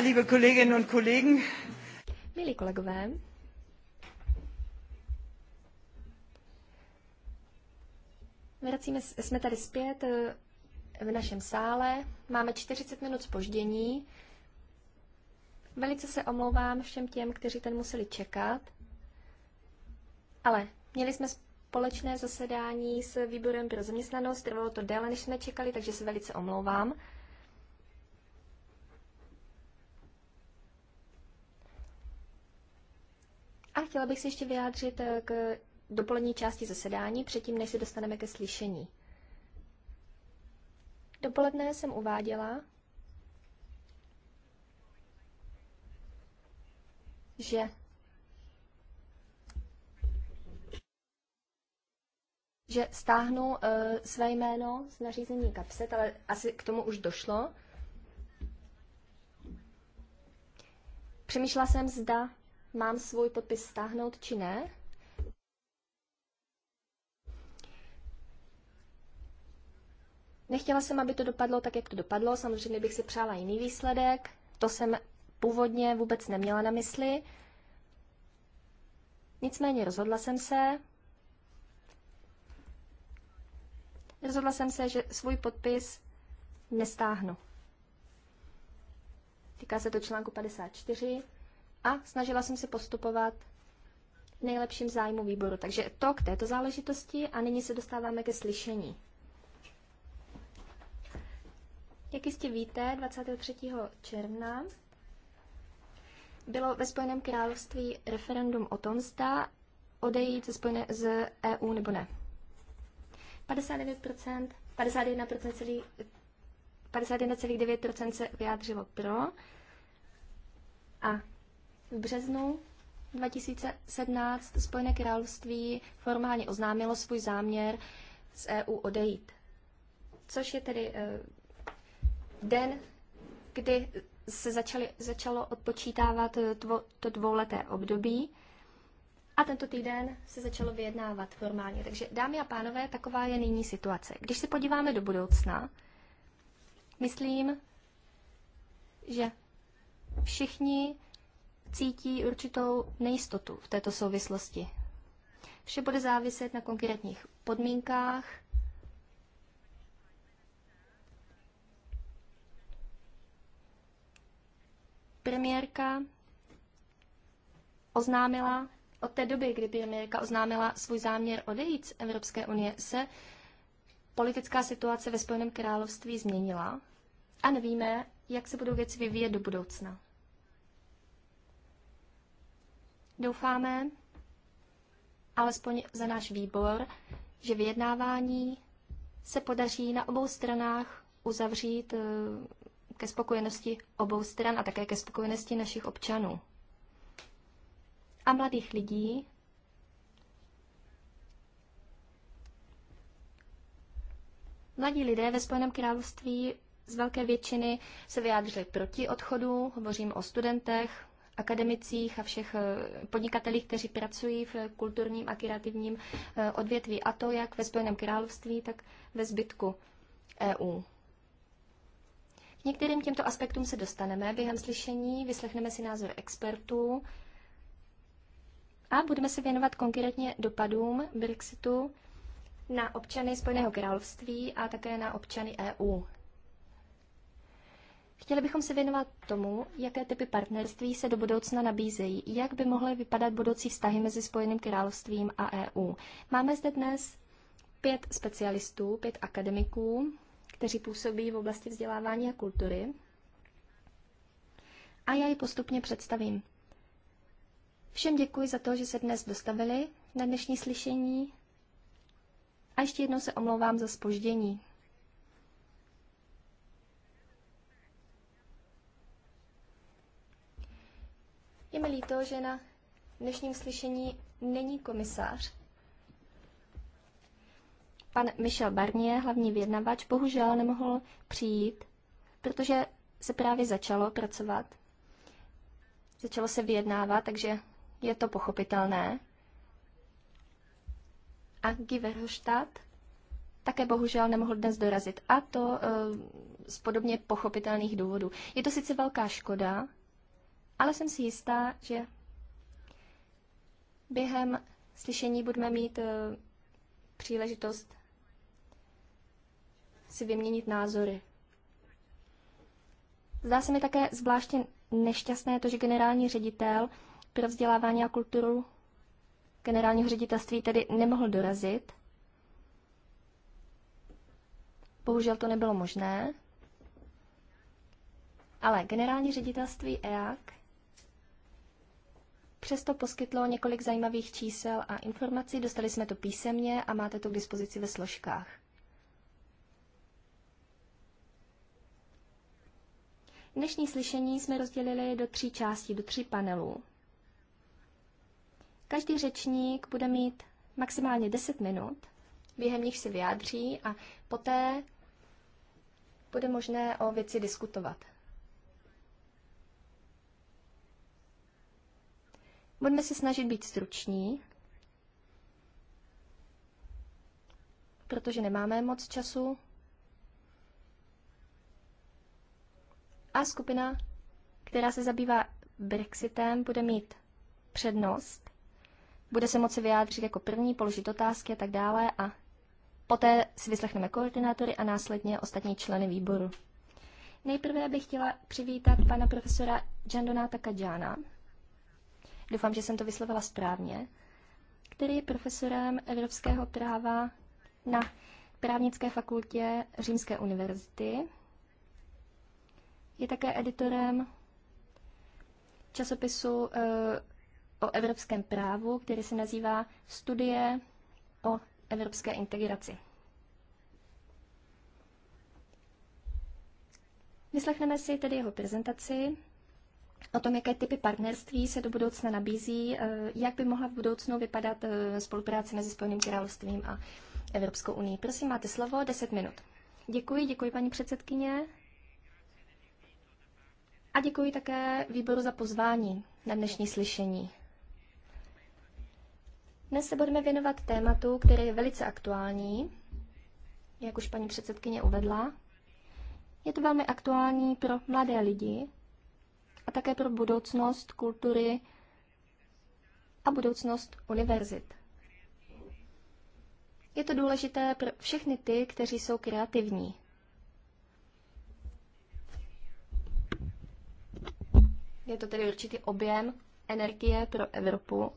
liebe Kolleginnen und Kollegen. Milí kolegové, vracíme, jsme tady zpět eh, v našem sále. Máme 40 minut spoždění. Velice se omlouvám všem těm, kteří ten museli čekat. Ale měli jsme společné zasedání s výborem pro zaměstnanost. Trvalo to déle, než jsme čekali, takže se velice omlouvám. chtěla bych se ještě vyjádřit eh, k dopolední části zasedání, předtím, než se dostaneme ke slyšení. Dopoledne jsem uváděla, že že stáhnu uh, své jméno z nařízení kapset, ale asi k tomu už došlo. Přemýšlela jsem, zda mám svůj podpis stáhnout či ne. Nechtěla jsem, aby to dopadlo tak, jak to dopadlo. Samozřejmě bych si přála jiný výsledek. To jsem původně vůbec neměla na mysli. Nicméně rozhodla jsem se. Rozhodla jsem se, že svůj podpis nestáhnu. Týká se to článku 54 a snažila jsem se postupovat v nejlepším zájmu výboru. Takže to k této záležitosti a nyní se dostáváme ke slyšení. Jak jistě víte, 23. června bylo ve Spojeném království referendum o tom, zda odejít ze, Spojené, z EU nebo ne. 59%, 51,9% se vyjádřilo pro a v březnu 2017 Spojené království formálně oznámilo svůj záměr z EU odejít. Což je tedy uh, den, kdy se začali, začalo odpočítávat eh, tvo, to dvouleté období a tento týden se začalo vyjednávat formálně. Takže dámy a pánové, taková je nyní situace. Když se podíváme do budoucna, myslím, že všichni cítí určitou nejistotu v této souvislosti. Vše bude záviset na konkrétních podmínkách. Premiérka oznámila, od té doby, kdy premiérka oznámila svůj záměr odejít z Evropské unie, se politická situace ve Spojeném království změnila a nevíme, jak se budou věci vyvíjet do budoucna. Doufáme, alespoň za náš výbor, že vyjednávání se podaří na obou stranách uzavřít eh, ke spokojenosti obou stran a také ke spokojenosti našich občanů a mladých lidí, Mladí lidé ve Spojeném království z velké většiny se vyjádřili proti odchodu, hovořím o studentech, akademicích a všech eh, podnikatelích, kteří pracují v kulturním a kreativním eh, odvětví, a to jak ve Spojeném království, tak ve zbytku EU. K některým těmto aspektům se dostaneme během slyšení, vyslechneme si názor expertů a budeme se věnovat konkrétně dopadům Brexitu na občany Spojeného království a také na občany EU. Chtěli bychom se věnovat tomu, jaké typy partnerství se do budoucna nabízejí, jak by mohly vypadat budoucí vztahy mezi Spojeným královstvím a EU. Máme zde dnes pět specialistů, pět akademiků, kteří působí v oblasti vzdělávání a kultury. A já ji postupně představím. Všem děkuji za to, že se dnes dostavili na dnešní slyšení. A ještě jednou se omlouvám za spoždění. mi líto, že na dnešním slyšení není komisář. Pan Michel Barnier, hlavní vyjednavač, bohužel nemohl přijít, protože se právě začalo pracovat. Začalo se vyjednávat, takže je to pochopitelné. A Guy Verhofstadt také bohužel nemohl dnes dorazit. A to e, z podobně pochopitelných důvodů. Je to sice velká škoda, ale jsem si jistá, že během slyšení budeme mít eh, příležitost si vyměnit názory. Zdá se mi také zvláště nešťastné to, že generální ředitel pro vzdělávání a kulturu generálního ředitelství tedy nemohl dorazit. Bohužel to nebylo možné. Ale generální ředitelství EAC přesto poskytlo několik zajímavých čísel a informací. Dostali jsme to písemně a máte to k dispozici ve složkách. Dnešní slyšení jsme rozdělili do tří částí, do tří panelů. Každý řečník bude mít maximálně 10 minut, během nich se vyjádří a poté bude možné o věci diskutovat. Budeme se snažit být struční, protože nemáme moc času. A skupina, která se zabývá Brexitem, bude mít přednost. Bude se moci vyjádřit jako první, položit otázky a tak dále a poté si vyslechneme koordinátory a následně ostatní členy výboru. Nejprve bych chtěla přivítat pana profesora Jandonáta Kadžána, doufám, že jsem to vyslovila správně, který je profesorem evropského práva na právnické fakultě Římské univerzity. Je také editorem časopisu eh, o evropském právu, který se nazývá Studie o evropské integraci. Vyslechneme si tedy jeho prezentaci o tom, jaké typy partnerství se do budoucna nabízí, eh, jak by mohla v budoucnu vypadat eh, spolupráce mezi Spojeným královstvím a Evropskou unii. Prosím, máte slovo, 10 minut. Děkuji, děkuji paní předsedkyně. A děkuji také výboru za pozvání na dnešní slyšení. Dnes se budeme věnovat tématu, které je velice aktuální, jak už paní předsedkyně uvedla. Je to velmi aktuální pro mladé lidi, a také pro budoucnost kultury a budoucnost univerzit. Je to důležité pro všechny ty, kteří jsou kreativní. Je to tedy určitý objem energie pro Evropu.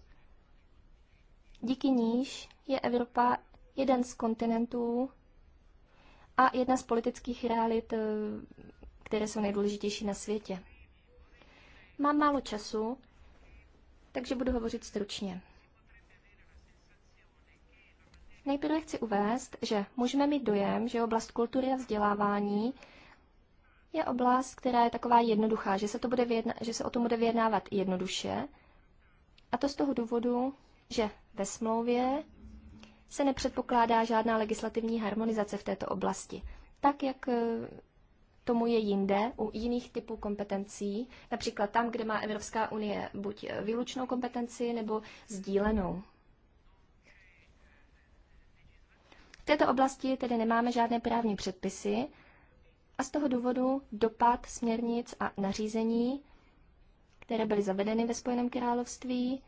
Díky níž je Evropa jeden z kontinentů a jedna z politických realit, eh, které jsou nejdůležitější na světě. Mám málo času, takže budu hovořit stručně. Nejprve chci uvést, že můžeme mít dojem, že oblast kultury a vzdělávání je oblast, která je taková jednoduchá, že se, to bude vyjedna- že se o tom bude vyjednávat jednoduše. A to z toho důvodu, že ve smlouvě se nepředpokládá žádná legislativní harmonizace v této oblasti, tak jak eh, tomu je jinde u jiných typů kompetencí, například tam, kde má Evropská unie buď výlučnou kompetenci nebo sdílenou. V této oblasti tedy nemáme žádné právní předpisy a z toho důvodu dopad směrnic a nařízení, které byly zavedeny ve Spojeném království,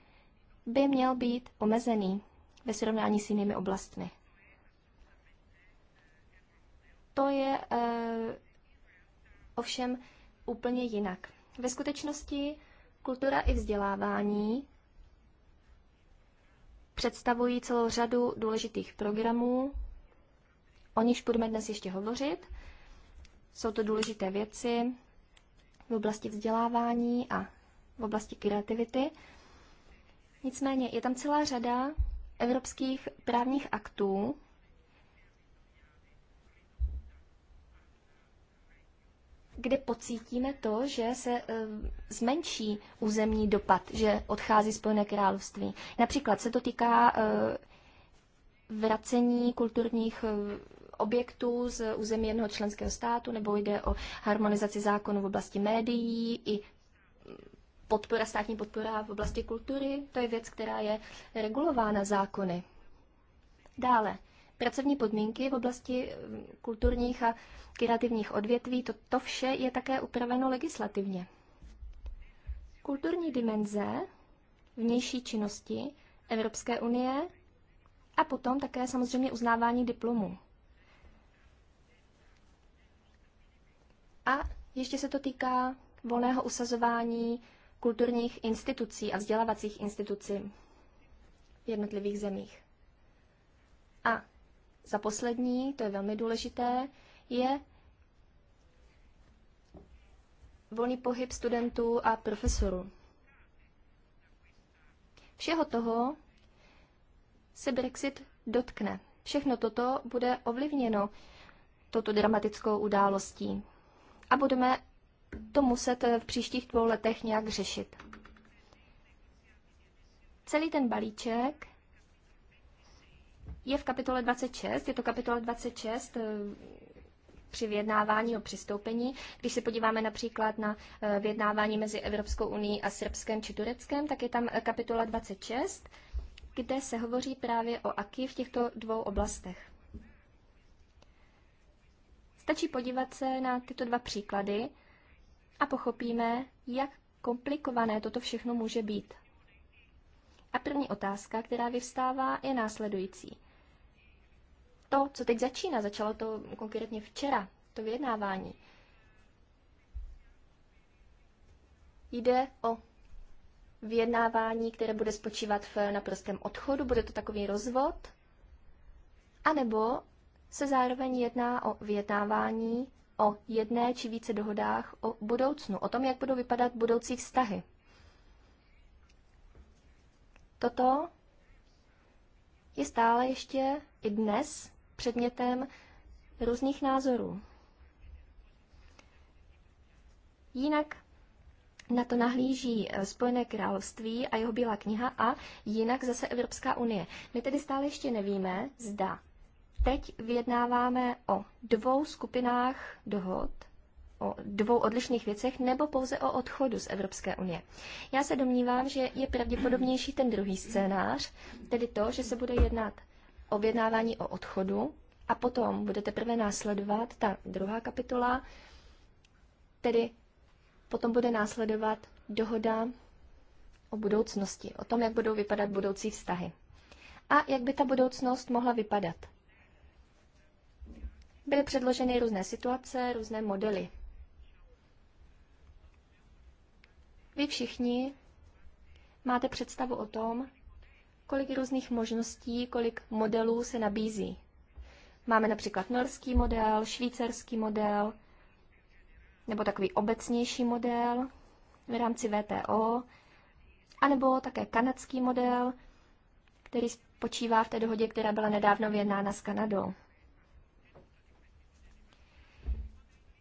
by měl být omezený ve srovnání s jinými oblastmi. To je eh, ovšem úplně jinak. Ve skutečnosti kultura i vzdělávání představují celou řadu důležitých programů, o nichž budeme dnes ještě hovořit. Jsou to důležité věci v oblasti vzdělávání a v oblasti kreativity. Nicméně je tam celá řada evropských právních aktů, kde pocítíme to, že se eh, zmenší územní dopad, že odchází Spojené království. Například se to týká eh, vracení kulturních eh, objektů z území jednoho členského státu, nebo jde o harmonizaci zákonů v oblasti médií i podpora, státní podpora v oblasti kultury, to je věc, která je regulována zákony. Dále, Pracovní podmínky v oblasti eh, kulturních a kreativních odvětví, to, to vše je také upraveno legislativně. Kulturní dimenze vnější činnosti Evropské unie a potom také samozřejmě uznávání diplomů. A ještě se to týká volného usazování kulturních institucí a vzdělávacích institucí v jednotlivých zemích. A za poslední, to je velmi důležité, je volný pohyb studentů a profesorů. Všeho toho se Brexit dotkne. Všechno toto bude ovlivněno touto dramatickou událostí. A budeme to muset v příštích dvou letech nějak řešit. Celý ten balíček je v kapitole 26, je to kapitola 26 eh, při vyjednávání o přistoupení. Když se podíváme například na eh, vyjednávání mezi Evropskou unii a Srbskem či Tureckem, tak je tam eh, kapitola 26, kde se hovoří právě o AKI v těchto dvou oblastech. Stačí podívat se na tyto dva příklady a pochopíme, jak komplikované toto všechno může být. A první otázka, která vyvstává, je následující to, co teď začíná. Začalo to konkrétně včera, to vyjednávání. Jde o vyjednávání, které bude spočívat v naprostém odchodu, bude to takový rozvod, anebo se zároveň jedná o vyjednávání o jedné či více dohodách o budoucnu, o tom, jak budou vypadat budoucí vztahy. Toto je stále ještě i dnes předmětem různých názorů. Jinak na to nahlíží eh, Spojené království a jeho Bílá kniha a jinak zase Evropská unie. My tedy stále ještě nevíme, zda teď vyjednáváme o dvou skupinách dohod, o dvou odlišných věcech nebo pouze o odchodu z Evropské unie. Já se domnívám, že je pravděpodobnější ten druhý scénář, tedy to, že se bude jednat objednávání o odchodu a potom bude teprve následovat ta druhá kapitola, tedy potom bude následovat dohoda o budoucnosti, o tom, jak budou vypadat budoucí vztahy. A jak by ta budoucnost mohla vypadat. Byly předloženy různé situace, různé modely. Vy všichni máte představu o tom, kolik různých možností, kolik modelů se nabízí. Máme například norský model, švýcarský model, nebo takový obecnější model v rámci VTO, anebo také kanadský model, který spočívá v té dohodě, která byla nedávno vyjednána s Kanadou.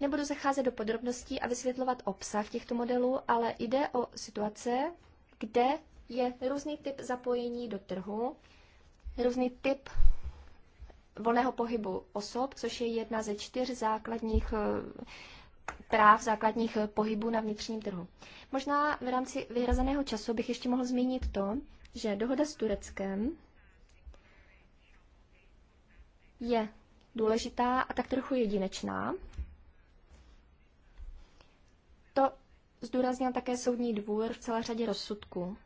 Nebudu zacházet do podrobností a vysvětlovat obsah těchto modelů, ale jde o situace, kde je různý typ zapojení do trhu, různý typ volného pohybu osob, což je jedna ze čtyř základních eh, práv základních eh, pohybů na vnitřním trhu. Možná v rámci vyhrazeného času bych ještě mohl zmínit to, že dohoda s Tureckem je důležitá a tak trochu jedinečná. To zdůraznil také soudní dvůr v celé řadě rozsudků.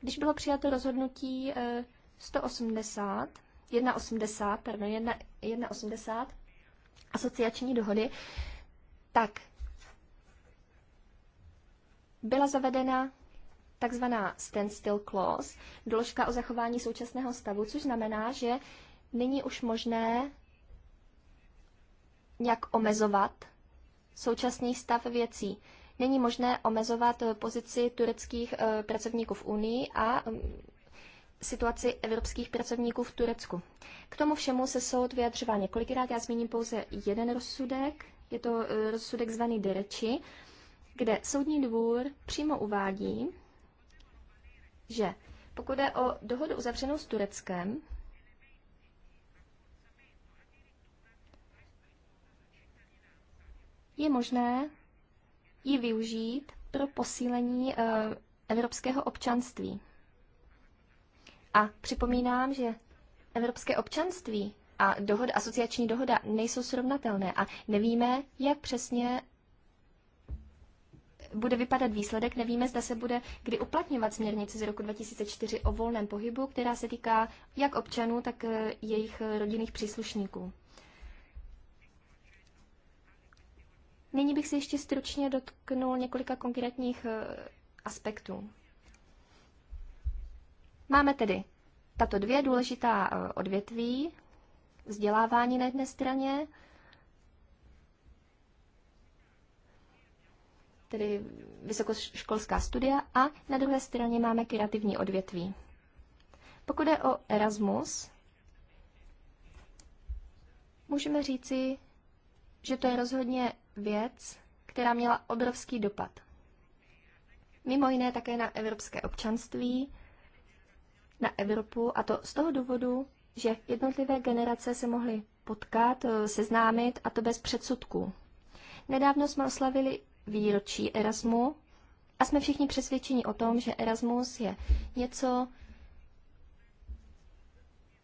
Když bylo přijato rozhodnutí 180, eh, 1,80, pardon, 1,80 asociační dohody, tak byla zavedena takzvaná standstill clause, doložka o zachování současného stavu, což znamená, že není už možné nějak omezovat současný stav věcí není možné omezovat eh, pozici tureckých eh, pracovníků v Unii a mm, situaci evropských pracovníků v Turecku. K tomu všemu se soud vyjadřoval několikrát, já zmíním pouze jeden rozsudek, je to eh, rozsudek zvaný Dereči, kde soudní dvůr přímo uvádí, že pokud je o dohodu uzavřenou s Tureckem, je možné ji využít pro posílení eh, evropského občanství. A připomínám, že evropské občanství a dohoda, asociační dohoda nejsou srovnatelné a nevíme, jak přesně bude vypadat výsledek, nevíme, zda se bude kdy uplatňovat směrnice z roku 2004 o volném pohybu, která se týká jak občanů, tak eh, jejich eh, rodinných příslušníků. Nyní bych se ještě stručně dotknul několika konkrétních eh, aspektů. Máme tedy tato dvě důležitá eh, odvětví, vzdělávání na jedné straně, tedy vysokoškolská studia, a na druhé straně máme kreativní odvětví. Pokud je o Erasmus, můžeme říci, že to je rozhodně věc, která měla obrovský dopad. Mimo jiné také na evropské občanství, na Evropu a to z toho důvodu, že jednotlivé generace se mohly potkat, eh, seznámit a to bez předsudků. Nedávno jsme oslavili výročí Erasmu a jsme všichni přesvědčeni o tom, že Erasmus je něco,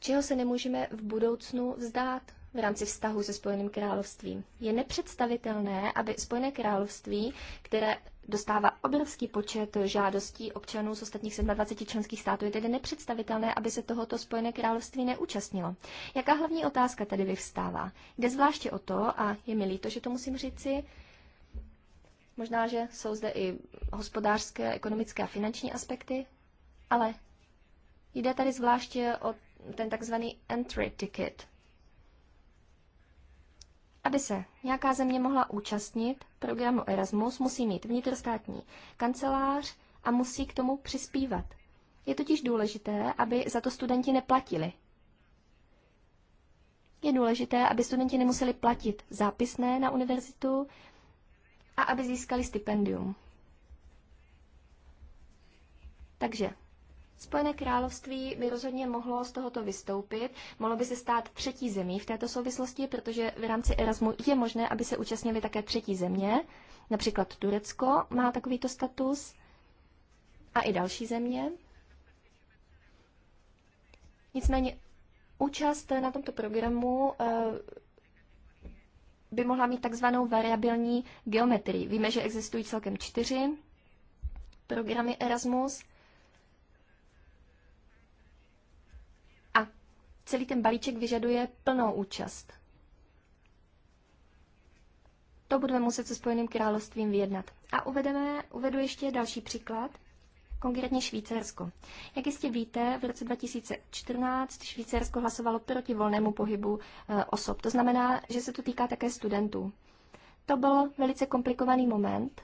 čeho se nemůžeme v budoucnu vzdát v rámci vztahu se Spojeným královstvím. Je nepředstavitelné, aby Spojené království, které dostává obrovský počet žádostí občanů z ostatních 27 členských států, je tedy nepředstavitelné, aby se tohoto Spojené království neúčastnilo. Jaká hlavní otázka tedy vyvstává? Jde zvláště o to, a je mi líto, že to musím říci, možná, že jsou zde i hospodářské, ekonomické a finanční aspekty, ale jde tady zvláště o ten takzvaný entry ticket, aby se nějaká země mohla účastnit programu Erasmus, musí mít vnitrostátní kancelář a musí k tomu přispívat. Je totiž důležité, aby za to studenti neplatili. Je důležité, aby studenti nemuseli platit zápisné na univerzitu a aby získali stipendium. Takže Spojené království by rozhodně mohlo z tohoto vystoupit, mohlo by se stát třetí zemí v této souvislosti, protože v rámci Erasmu je možné, aby se účastnili také třetí země, například Turecko má takovýto status a i další země. Nicméně účast na tomto programu eh, by mohla mít takzvanou variabilní geometrii. Víme, že existují celkem čtyři programy Erasmus. celý ten balíček vyžaduje plnou účast. To budeme muset se Spojeným královstvím vyjednat. A uvedeme, uvedu ještě další příklad, konkrétně Švýcarsko. Jak jistě víte, v roce 2014 Švýcarsko hlasovalo proti volnému pohybu e, osob. To znamená, že se to týká také studentů. To byl velice komplikovaný moment.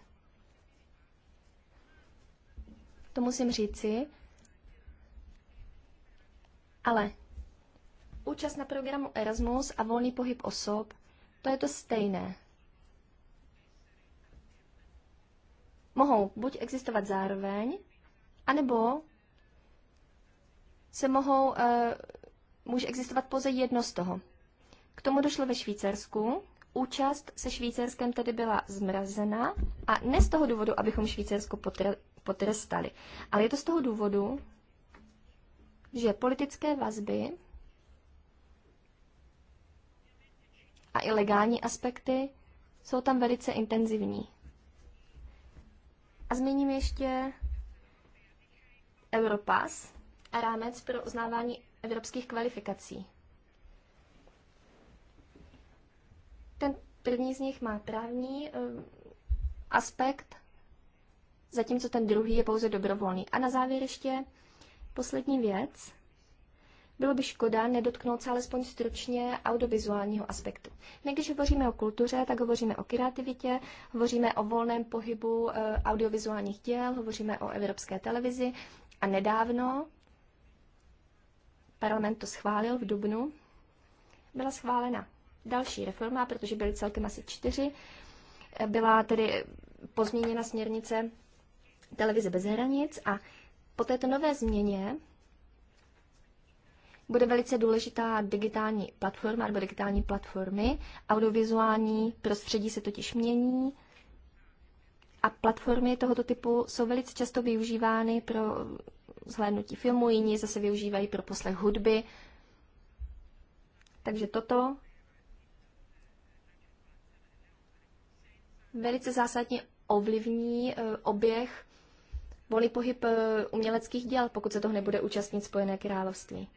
To musím říci. Ale Účast na programu Erasmus a volný pohyb osob, to je to stejné. Mohou buď existovat zároveň, anebo se mohou, uh, může existovat pouze jedno z toho. K tomu došlo ve Švýcarsku. Účast se Švýcarskem tedy byla zmrazena a ne z toho důvodu, abychom Švýcarsko potrestali, ale je to z toho důvodu, že politické vazby a i legální aspekty jsou tam velice intenzivní. A zmíním ještě Europass a rámec pro uznávání evropských kvalifikací. Ten první z nich má právní eh, aspekt, zatímco ten druhý je pouze dobrovolný. A na závěr ještě poslední věc. Bylo by škoda nedotknout se alespoň stručně audiovizuálního aspektu. My, když hovoříme o kultuře, tak hovoříme o kreativitě, hovoříme o volném pohybu eh, audiovizuálních děl, hovoříme o evropské televizi a nedávno parlament to schválil v Dubnu, byla schválena další reforma, protože byly celkem asi čtyři. Eh, byla tedy pozměněna směrnice televize bez hranic a po této nové změně bude velice důležitá digitální platforma nebo digitální platformy. Audiovizuální prostředí se totiž mění a platformy tohoto typu jsou velice často využívány pro zhlédnutí filmu, jiní zase využívají pro poslech hudby. Takže toto velice zásadně ovlivní e, oběh volný pohyb e, uměleckých děl, pokud se toho nebude účastnit Spojené království.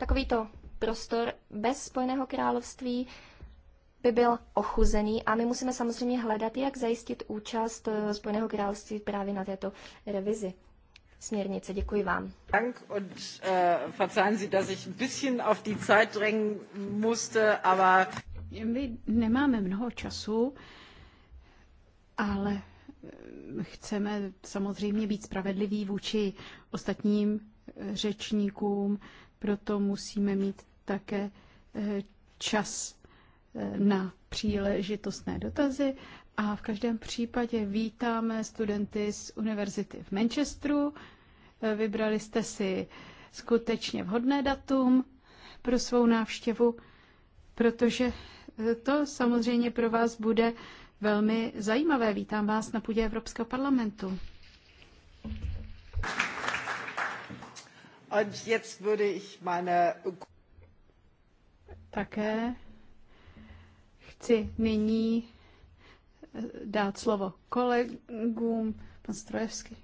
Takovýto prostor bez Spojeného království by byl ochuzený a my musíme samozřejmě hledat, jak zajistit účast eh, Spojeného království právě na této revizi směrnice. Děkuji vám. Dank und uh, verzeihen Sie, dass ich ein bisschen auf die Zeit drängen musste, aber... My nemáme mnoho času, ale eh, chceme samozřejmě být spravedliví vůči ostatním řečníkům. Proto musíme mít také eh, čas eh, na příležitostné dotazy a v každém případě vítáme studenty z univerzity v Manchesteru. Eh, vybrali jste si skutečně vhodné datum pro svou návštěvu, protože to samozřejmě pro vás bude velmi zajímavé. Vítám vás na půdě Evropského parlamentu. Také chci nyní eh, dát slovo kolegům. Pan Strojevský.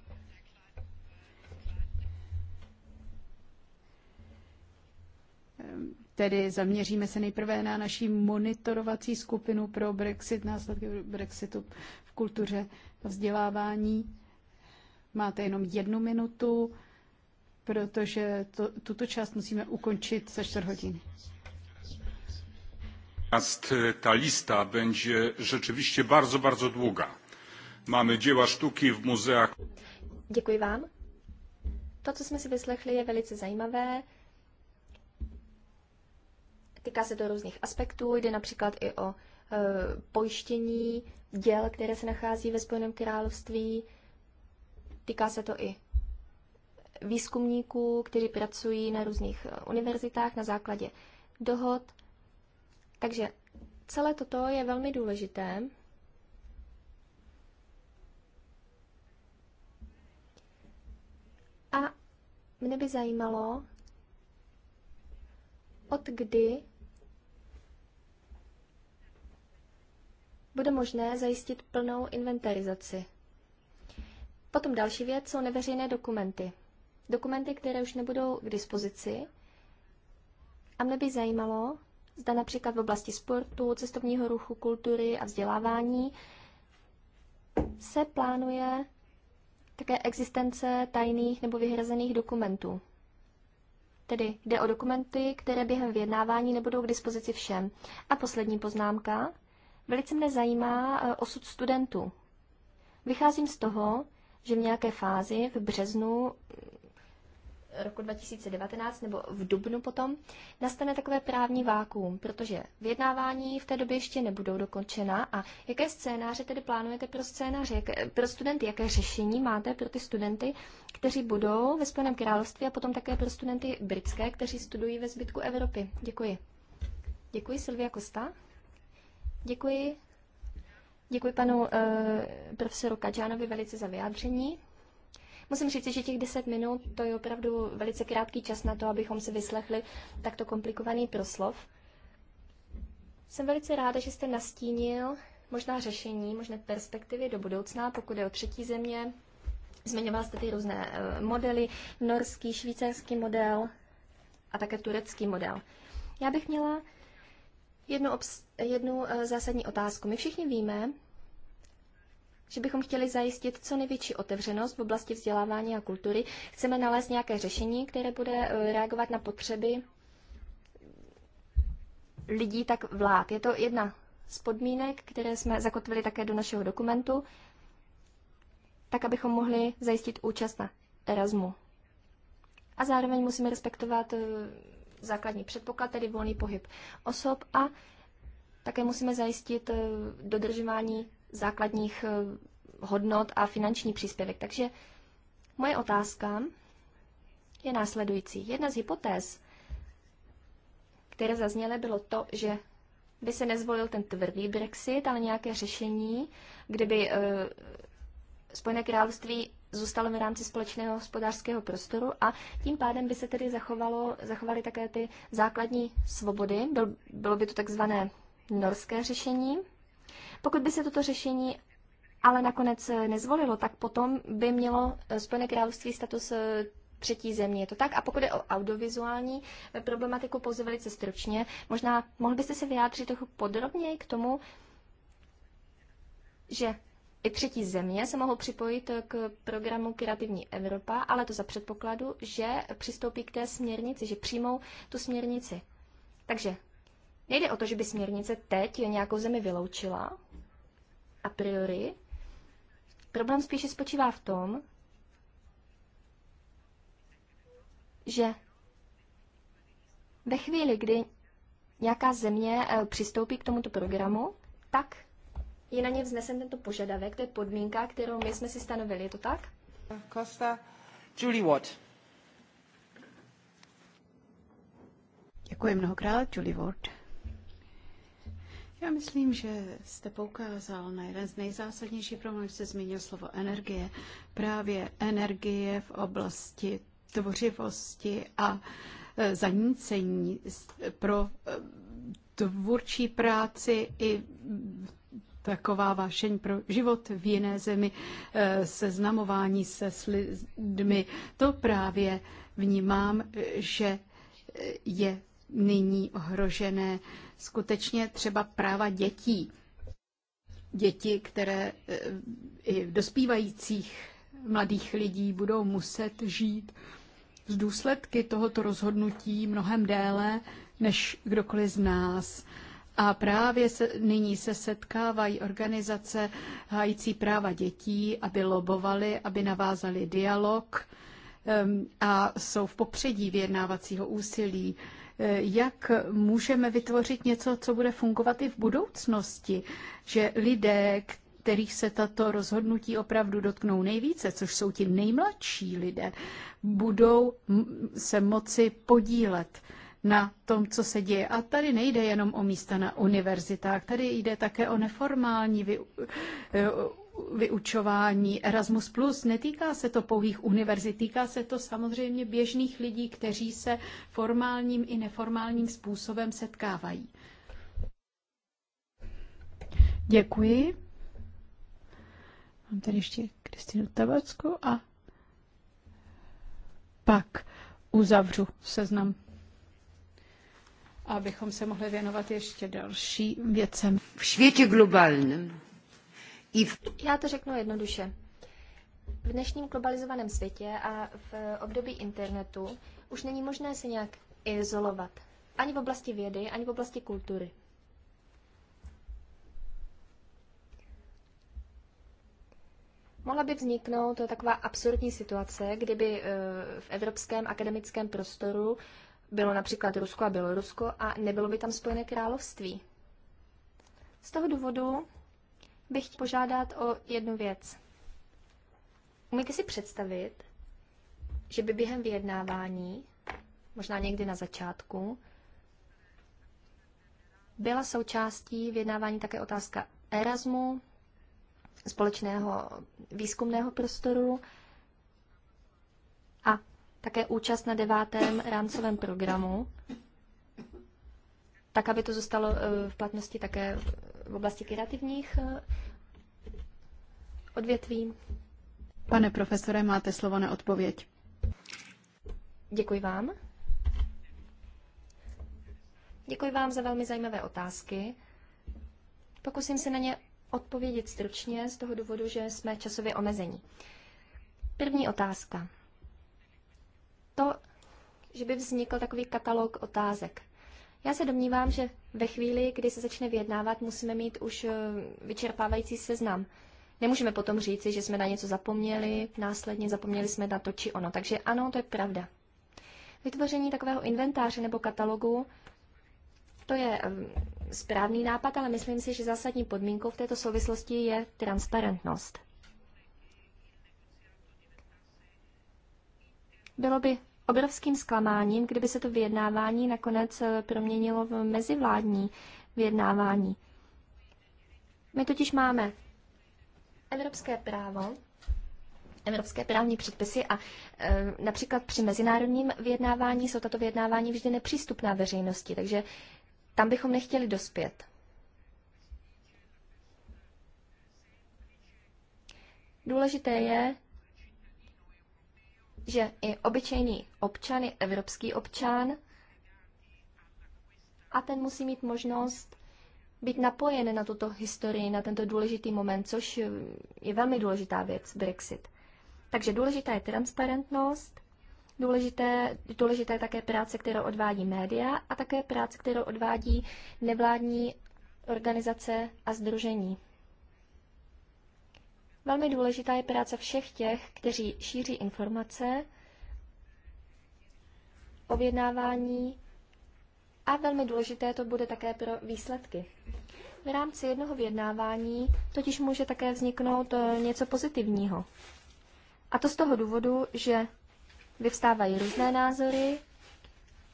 Ehm, tedy zaměříme se nejprve na naší monitorovací skupinu pro Brexit, následky Brexitu v kultuře a vzdělávání. Máte jenom jednu minutu protože to, tuto část musíme ukončit za čtvrt hodin. E, ta lista bude rzeczywiście bardzo, bardzo długa. Máme dzieła sztuki v muzeách. Děkuji vám. To, co jsme si vyslechli, je velice zajímavé. Týká se to různých aspektů, jde například i o e, pojištění děl, které se nachází ve Spojeném království. Týká se to i výzkumníků, kteří pracují na různých eh, univerzitách na základě dohod. Takže celé toto je velmi důležité. A mne by zajímalo, od kdy bude možné zajistit plnou inventarizaci. Potom další věc jsou neveřejné dokumenty dokumenty, které už nebudou k dispozici. A mne by zajímalo, zda například v oblasti sportu, cestovního ruchu, kultury a vzdělávání se plánuje také existence tajných nebo vyhrazených dokumentů. Tedy jde o dokumenty, které během vyjednávání nebudou k dispozici všem. A poslední poznámka. Velice mne zajímá eh, osud studentů. Vycházím z toho, že v nějaké fázi v březnu roku 2019 nebo v dubnu potom, nastane takové právní vákuum, protože vyjednávání v té době ještě nebudou dokončena. A jaké scénáře tedy plánujete pro scénáře, jak, pro studenty, jaké řešení máte pro ty studenty, kteří budou ve Spojeném království a potom také pro studenty britské, kteří studují ve zbytku Evropy? Děkuji. Děkuji, Silvia Kosta. Děkuji. Děkuji panu uh, profesoru Kadžánovi velice za vyjádření. Musím říct, že těch 10 minut to je opravdu velice krátký čas na to, abychom si vyslechli takto komplikovaný proslov. Jsem velice ráda, že jste nastínil možná řešení, možné perspektivy do budoucna, pokud je o třetí země. Zmiňoval jste ty různé eh, modely, norský, švýcarský model a také turecký model. Já bych měla jednu, obs- jednu eh, zásadní otázku. My všichni víme, že bychom chtěli zajistit co největší otevřenost v oblasti vzdělávání a kultury. Chceme nalézt nějaké řešení, které bude eh, reagovat na potřeby lidí, tak vlád. Je to jedna z podmínek, které jsme zakotvili také do našeho dokumentu, tak abychom mohli zajistit účast na Erasmu. A zároveň musíme respektovat eh, základní předpoklad, tedy volný pohyb osob a také musíme zajistit eh, dodržování základních eh, hodnot a finanční příspěvek. Takže moje otázka je následující. Jedna z hypotéz, které zazněly, bylo to, že by se nezvolil ten tvrdý Brexit, ale nějaké řešení, kdyby e, Spojené království zůstalo v rámci společného hospodářského prostoru a tím pádem by se tedy zachovalo, zachovaly také ty základní svobody. Byl, bylo by to takzvané norské řešení, pokud by se toto řešení ale nakonec eh, nezvolilo, tak potom by mělo eh, Spojené království status eh, třetí země. Je to tak? A pokud je o audiovizuální problematiku, pouze velice stručně, možná mohl byste se vyjádřit trochu podrobněji k tomu, že i třetí země se mohou připojit k programu Kreativní Evropa, ale to za předpokladu, že přistoupí k té směrnici, že přijmou tu směrnici. Takže nejde o to, že by směrnice teď nějakou zemi vyloučila, a priori. Problém spíše spočívá v tom, že ve chvíli, kdy nějaká země eh, přistoupí k tomuto programu, tak je na ně vznesen tento požadavek, to je podmínka, kterou my jsme si stanovili, je to tak? Costa, Julie Watt. Děkuji mnohokrát, Julie Ward. Já myslím, že jste poukázal na jeden z nejzásadnějších problémů, když zmínil slovo energie. Právě energie v oblasti tvořivosti a e, zanícení pro e, tvůrčí práci i taková vášeň pro život v jiné zemi, e, seznamování se s lidmi. To právě vnímám, že je nyní ohrožené skutečně třeba práva dětí. Děti, které e, i v dospívajících mladých lidí budou muset žít z důsledky tohoto rozhodnutí mnohem déle než kdokoliv z nás. A právě se, nyní se setkávají organizace hájící práva dětí, aby lobovali, aby navázali dialog um, a jsou v popředí vyjednávacího úsilí jak můžeme vytvořit něco, co bude fungovat i v budoucnosti, že lidé, kterých se tato rozhodnutí opravdu dotknou nejvíce, což jsou ti nejmladší lidé, budou se moci podílet na tom, co se děje. A tady nejde jenom o místa na univerzitách, tady jde také o neformální vy, vyučování Erasmus+. Plus. Netýká se to pouhých univerzit, týká se to samozřejmě běžných lidí, kteří se formálním i neformálním způsobem setkávají. Děkuji. Mám tady ještě Kristinu Tabacku a pak uzavřu seznam, abychom se mohli věnovat ještě další věcem. V světě globálním já to řeknu jednoduše. V dnešním globalizovaném světě a v období internetu už není možné se nějak izolovat. Ani v oblasti vědy, ani v oblasti kultury. Mohla by vzniknout taková absurdní situace, kdyby eh, v evropském akademickém prostoru bylo například Rusko a Bělorusko a nebylo by tam Spojené království. Z toho důvodu bych chtěl požádat o jednu věc. Umíte si představit, že by během vyjednávání, možná někdy na začátku, byla součástí vyjednávání také otázka Erasmu, společného výzkumného prostoru a také účast na devátém rámcovém programu, tak aby to zůstalo eh, v platnosti také v oblasti kreativních eh, odvětví? Pane profesore, máte slovo na odpověď. Děkuji vám. Děkuji vám za velmi zajímavé otázky. Pokusím se na ně odpovědět stručně z toho důvodu, že jsme časově omezení. První otázka. To, že by vznikl takový katalog otázek. Já se domnívám, že ve chvíli, kdy se začne vyjednávat, musíme mít už eh, vyčerpávající seznam. Nemůžeme potom říci, že jsme na něco zapomněli, následně zapomněli jsme na to či ono. Takže ano, to je pravda. Vytvoření takového inventáře nebo katalogu, to je eh, správný nápad, ale myslím si, že zásadní podmínkou v této souvislosti je transparentnost. Bylo by obrovským zklamáním, kdyby se to vyjednávání nakonec eh, proměnilo v mezivládní vyjednávání. My totiž máme evropské právo, evropské právní předpisy a e, například při mezinárodním vyjednávání jsou tato vyjednávání vždy nepřístupná veřejnosti, takže tam bychom nechtěli dospět. Důležité je že i obyčejný občan je evropský občan a ten musí mít možnost být napojen na tuto historii, na tento důležitý moment, což eh, je velmi důležitá věc, Brexit. Takže důležitá je transparentnost, důležité, důležité je také práce, kterou odvádí média a také práce, kterou odvádí nevládní organizace a združení. Velmi důležitá je práce všech těch, kteří šíří informace, objednávání a velmi důležité to bude také pro výsledky. V rámci jednoho vyjednávání totiž může také vzniknout eh, něco pozitivního. A to z toho důvodu, že vyvstávají různé názory,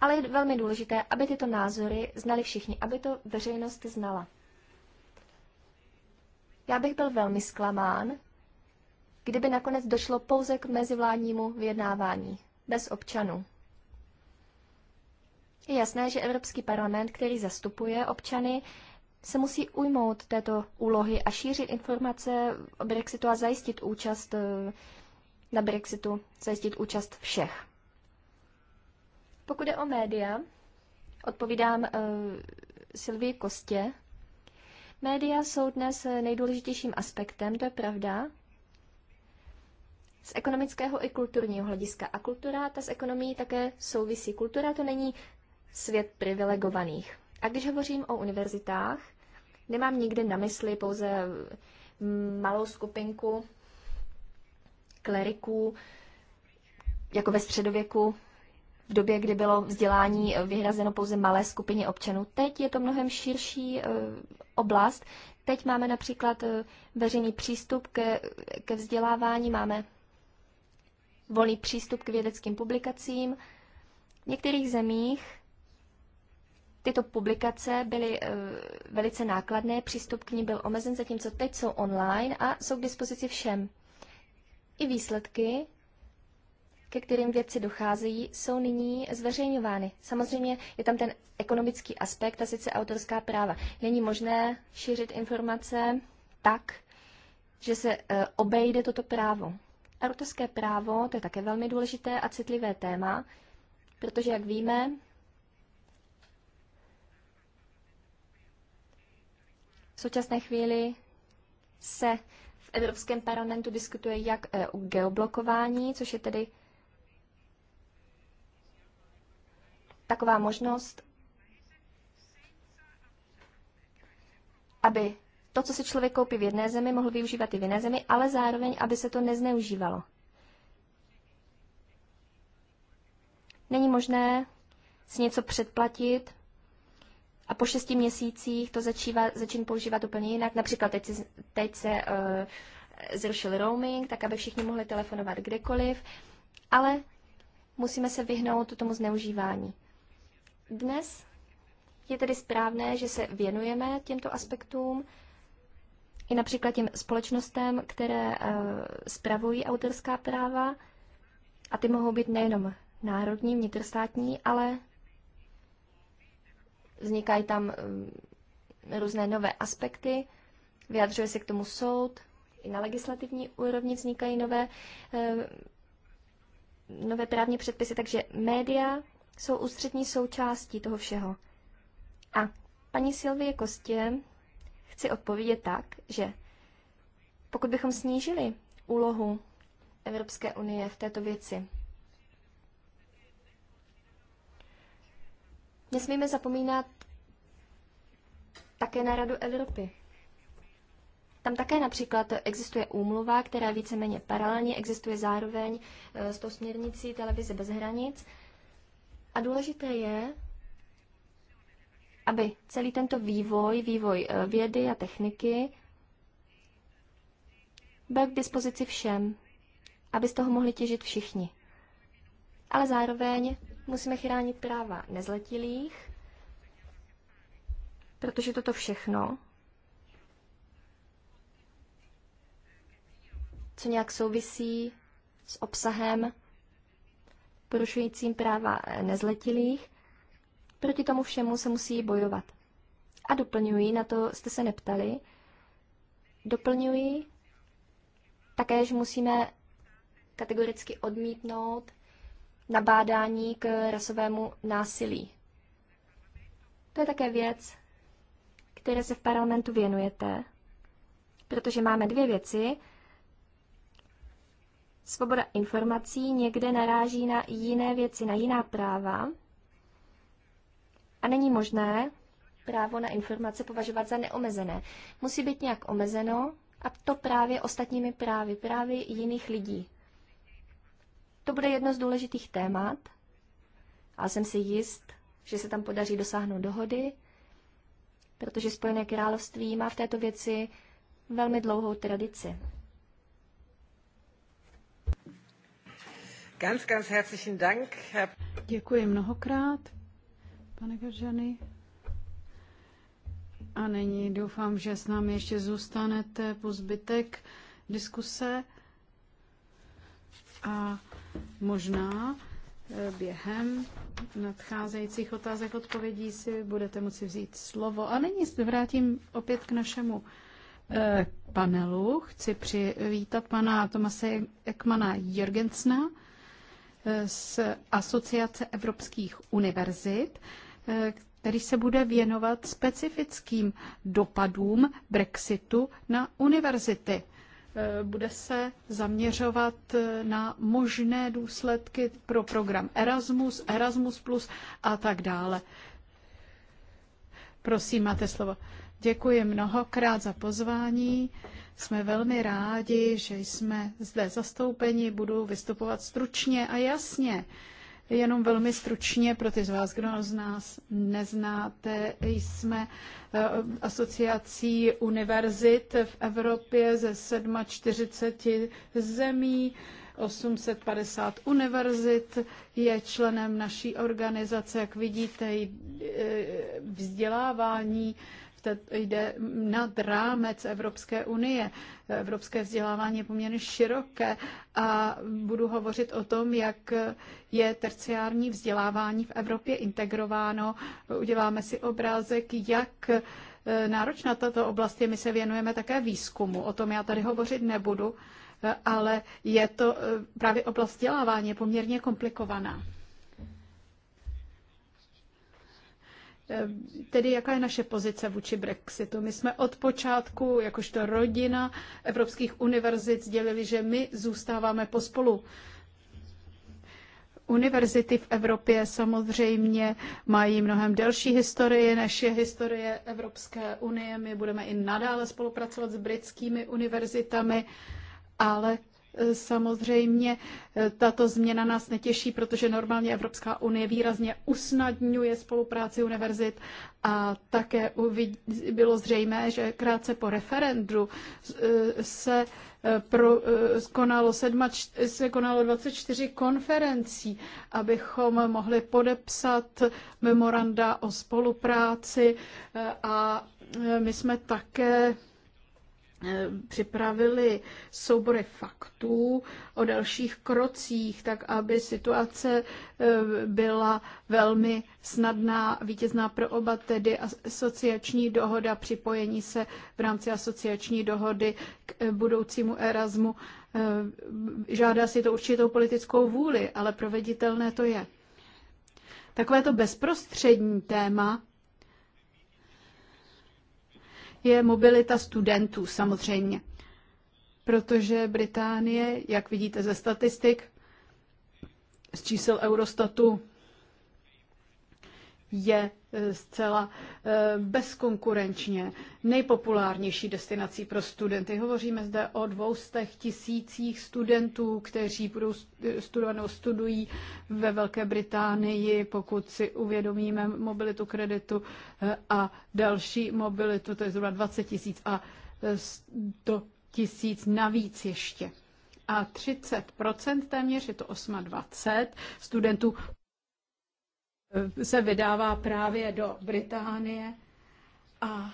ale je velmi důležité, aby tyto názory znali všichni, aby to veřejnost znala. Já bych byl velmi zklamán, kdyby nakonec došlo pouze k mezivládnímu vyjednávání, bez občanů. Je jasné, že Evropský parlament, který zastupuje občany, se musí ujmout této úlohy a šířit informace o Brexitu a zajistit účast eh, na Brexitu, zajistit účast všech. Pokud je o média, odpovídám uh, eh, Silvii Kostě, Média jsou dnes nejdůležitějším aspektem, to je pravda. Z ekonomického i kulturního hlediska. A kultura, ta s ekonomí také souvisí. Kultura to není svět privilegovaných. A když hovořím o univerzitách, nemám nikdy na mysli pouze malou skupinku kleriků, jako ve středověku, v době, kdy bylo vzdělání vyhrazeno pouze malé skupině občanů. Teď je to mnohem širší eh, oblast. Teď máme například eh, veřejný přístup ke, ke vzdělávání, máme volný přístup k vědeckým publikacím. V některých zemích tyto publikace byly eh, velice nákladné, přístup k ní byl omezen, zatímco teď jsou online a jsou k dispozici všem. I výsledky ke kterým věci docházejí, jsou nyní zveřejňovány. Samozřejmě je tam ten ekonomický aspekt, a sice autorská práva. Není možné šířit informace tak, že se e, obejde toto právo. Autorské právo, to je také velmi důležité a citlivé téma, protože, jak víme, v současné chvíli se v Evropském parlamentu diskutuje jak o e, geoblokování, což je tedy taková možnost, aby to, co si člověk koupí v jedné zemi, mohl využívat i v jiné zemi, ale zároveň, aby se to nezneužívalo. Není možné si něco předplatit a po šesti měsících to začíva, začín používat úplně jinak. Například teď, teď se uh, zrušil roaming, tak aby všichni mohli telefonovat kdekoliv, ale musíme se vyhnout tomu zneužívání. Dnes je tedy správné, že se věnujeme těmto aspektům, i například těm společnostem, které uh, spravují autorská práva, a ty mohou být nejenom národní, vnitrostátní, ale vznikají tam uh, různé nové aspekty, vyjadřuje se k tomu soud, i na legislativní úrovni vznikají nové, uh, nové právní předpisy, takže média jsou ústřední součástí toho všeho. A paní Silvie Kostě chci odpovědět tak, že pokud bychom snížili úlohu Evropské unie v této věci, nesmíme zapomínat také na Radu Evropy. Tam také například existuje úmluva, která víceméně paralelně existuje zároveň e, s tou směrnicí televize bez hranic a důležité je, aby celý tento vývoj, vývoj eh, vědy a techniky byl k dispozici všem, aby z toho mohli těžit všichni. Ale zároveň musíme chránit práva nezletilých, protože toto všechno, co nějak souvisí s obsahem porušujícím práva nezletilých. Proti tomu všemu se musí bojovat. A doplňují, na to jste se neptali, doplňují také, že musíme kategoricky odmítnout nabádání k rasovému násilí. To je také věc, které se v parlamentu věnujete, protože máme dvě věci, svoboda informací někde naráží na jiné věci, na jiná práva a není možné právo na informace považovat za neomezené. Musí být nějak omezeno a to právě ostatními právy, právy jiných lidí. To bude jedno z důležitých témat, A jsem si jist, že se tam podaří dosáhnout dohody, protože Spojené království má v této věci velmi dlouhou tradici. Ganz, ganz herzlichen Dank, Herr... Děkuji mnohokrát, pane Garžany. A nyní doufám, že s námi ještě zůstanete po zbytek diskuse a možná eh, během nadcházejících otázek odpovědí si budete moci vzít slovo. A nyní vrátím opět k našemu Eh, panelu chci přivítat pana Tomase Ekmana Jorgensna eh, z Asociace evropských univerzit, eh, který se bude věnovat specifickým dopadům Brexitu na univerzity. Bude se zaměřovat na možné důsledky pro program Erasmus, Erasmus Plus a tak dále. Prosím, máte slovo. Děkuji mnohokrát za pozvání. Jsme velmi rádi, že jsme zde zastoupeni. Budu vystupovat stručně a jasně. Jenom velmi stručně pro ty z vás, kdo z nás neznáte, jsme eh, asociací univerzit v Evropě ze 47 zemí. 850 univerzit je členem naší organizace. Jak vidíte, eh, vzdělávání jde nad rámec Evropské unie. Evropské vzdělávání je poměrně široké a budu hovořit o tom, jak je terciární vzdělávání v Evropě integrováno. Uděláme si obrázek, jak eh, náročná tato oblast je. My se věnujeme také výzkumu, o tom já tady hovořit nebudu, eh, ale je to eh, právě oblast vzdělávání poměrně komplikovaná. Eh, tedy jaká je naše pozice vůči Brexitu. My jsme od počátku, jakožto rodina evropských univerzit, sdělili, že my zůstáváme pospolu. Univerzity v Evropě samozřejmě mají mnohem delší historii, než je historie Evropské unie. My budeme i nadále spolupracovat s britskými univerzitami, ale Samozřejmě eh, tato změna nás netěší, protože normálně Evropská unie výrazně usnadňuje spolupráci univerzit a také bylo zřejmé, že krátce po referendu eh, se, eh, pro, konalo, sedma, se konalo 24 konferencí, abychom mohli podepsat memoranda o spolupráci a my jsme také Eh, připravili soubory faktů o dalších krocích, tak aby situace eh, byla velmi snadná, vítězná pro oba, tedy asociační dohoda, připojení se v rámci asociační dohody k eh, budoucímu Erasmu. Žádá si to určitou politickou vůli, ale proveditelné to je. Takové to bezprostřední téma je mobilita studentů samozřejmě. Protože Británie, jak vidíte ze statistik, z čísel Eurostatu je e, zcela e, bezkonkurenčně nejpopulárnější destinací pro studenty. Hovoříme zde o dvoustech tisících studentů, kteří budou studovat nebo studují ve Velké Británii, pokud si uvědomíme mobilitu kreditu e, a další mobilitu, to je zhruba 20 tisíc a 100 tisíc navíc ještě. A 30 téměř, je to 28 studentů Eh, se vydává právě do Británie a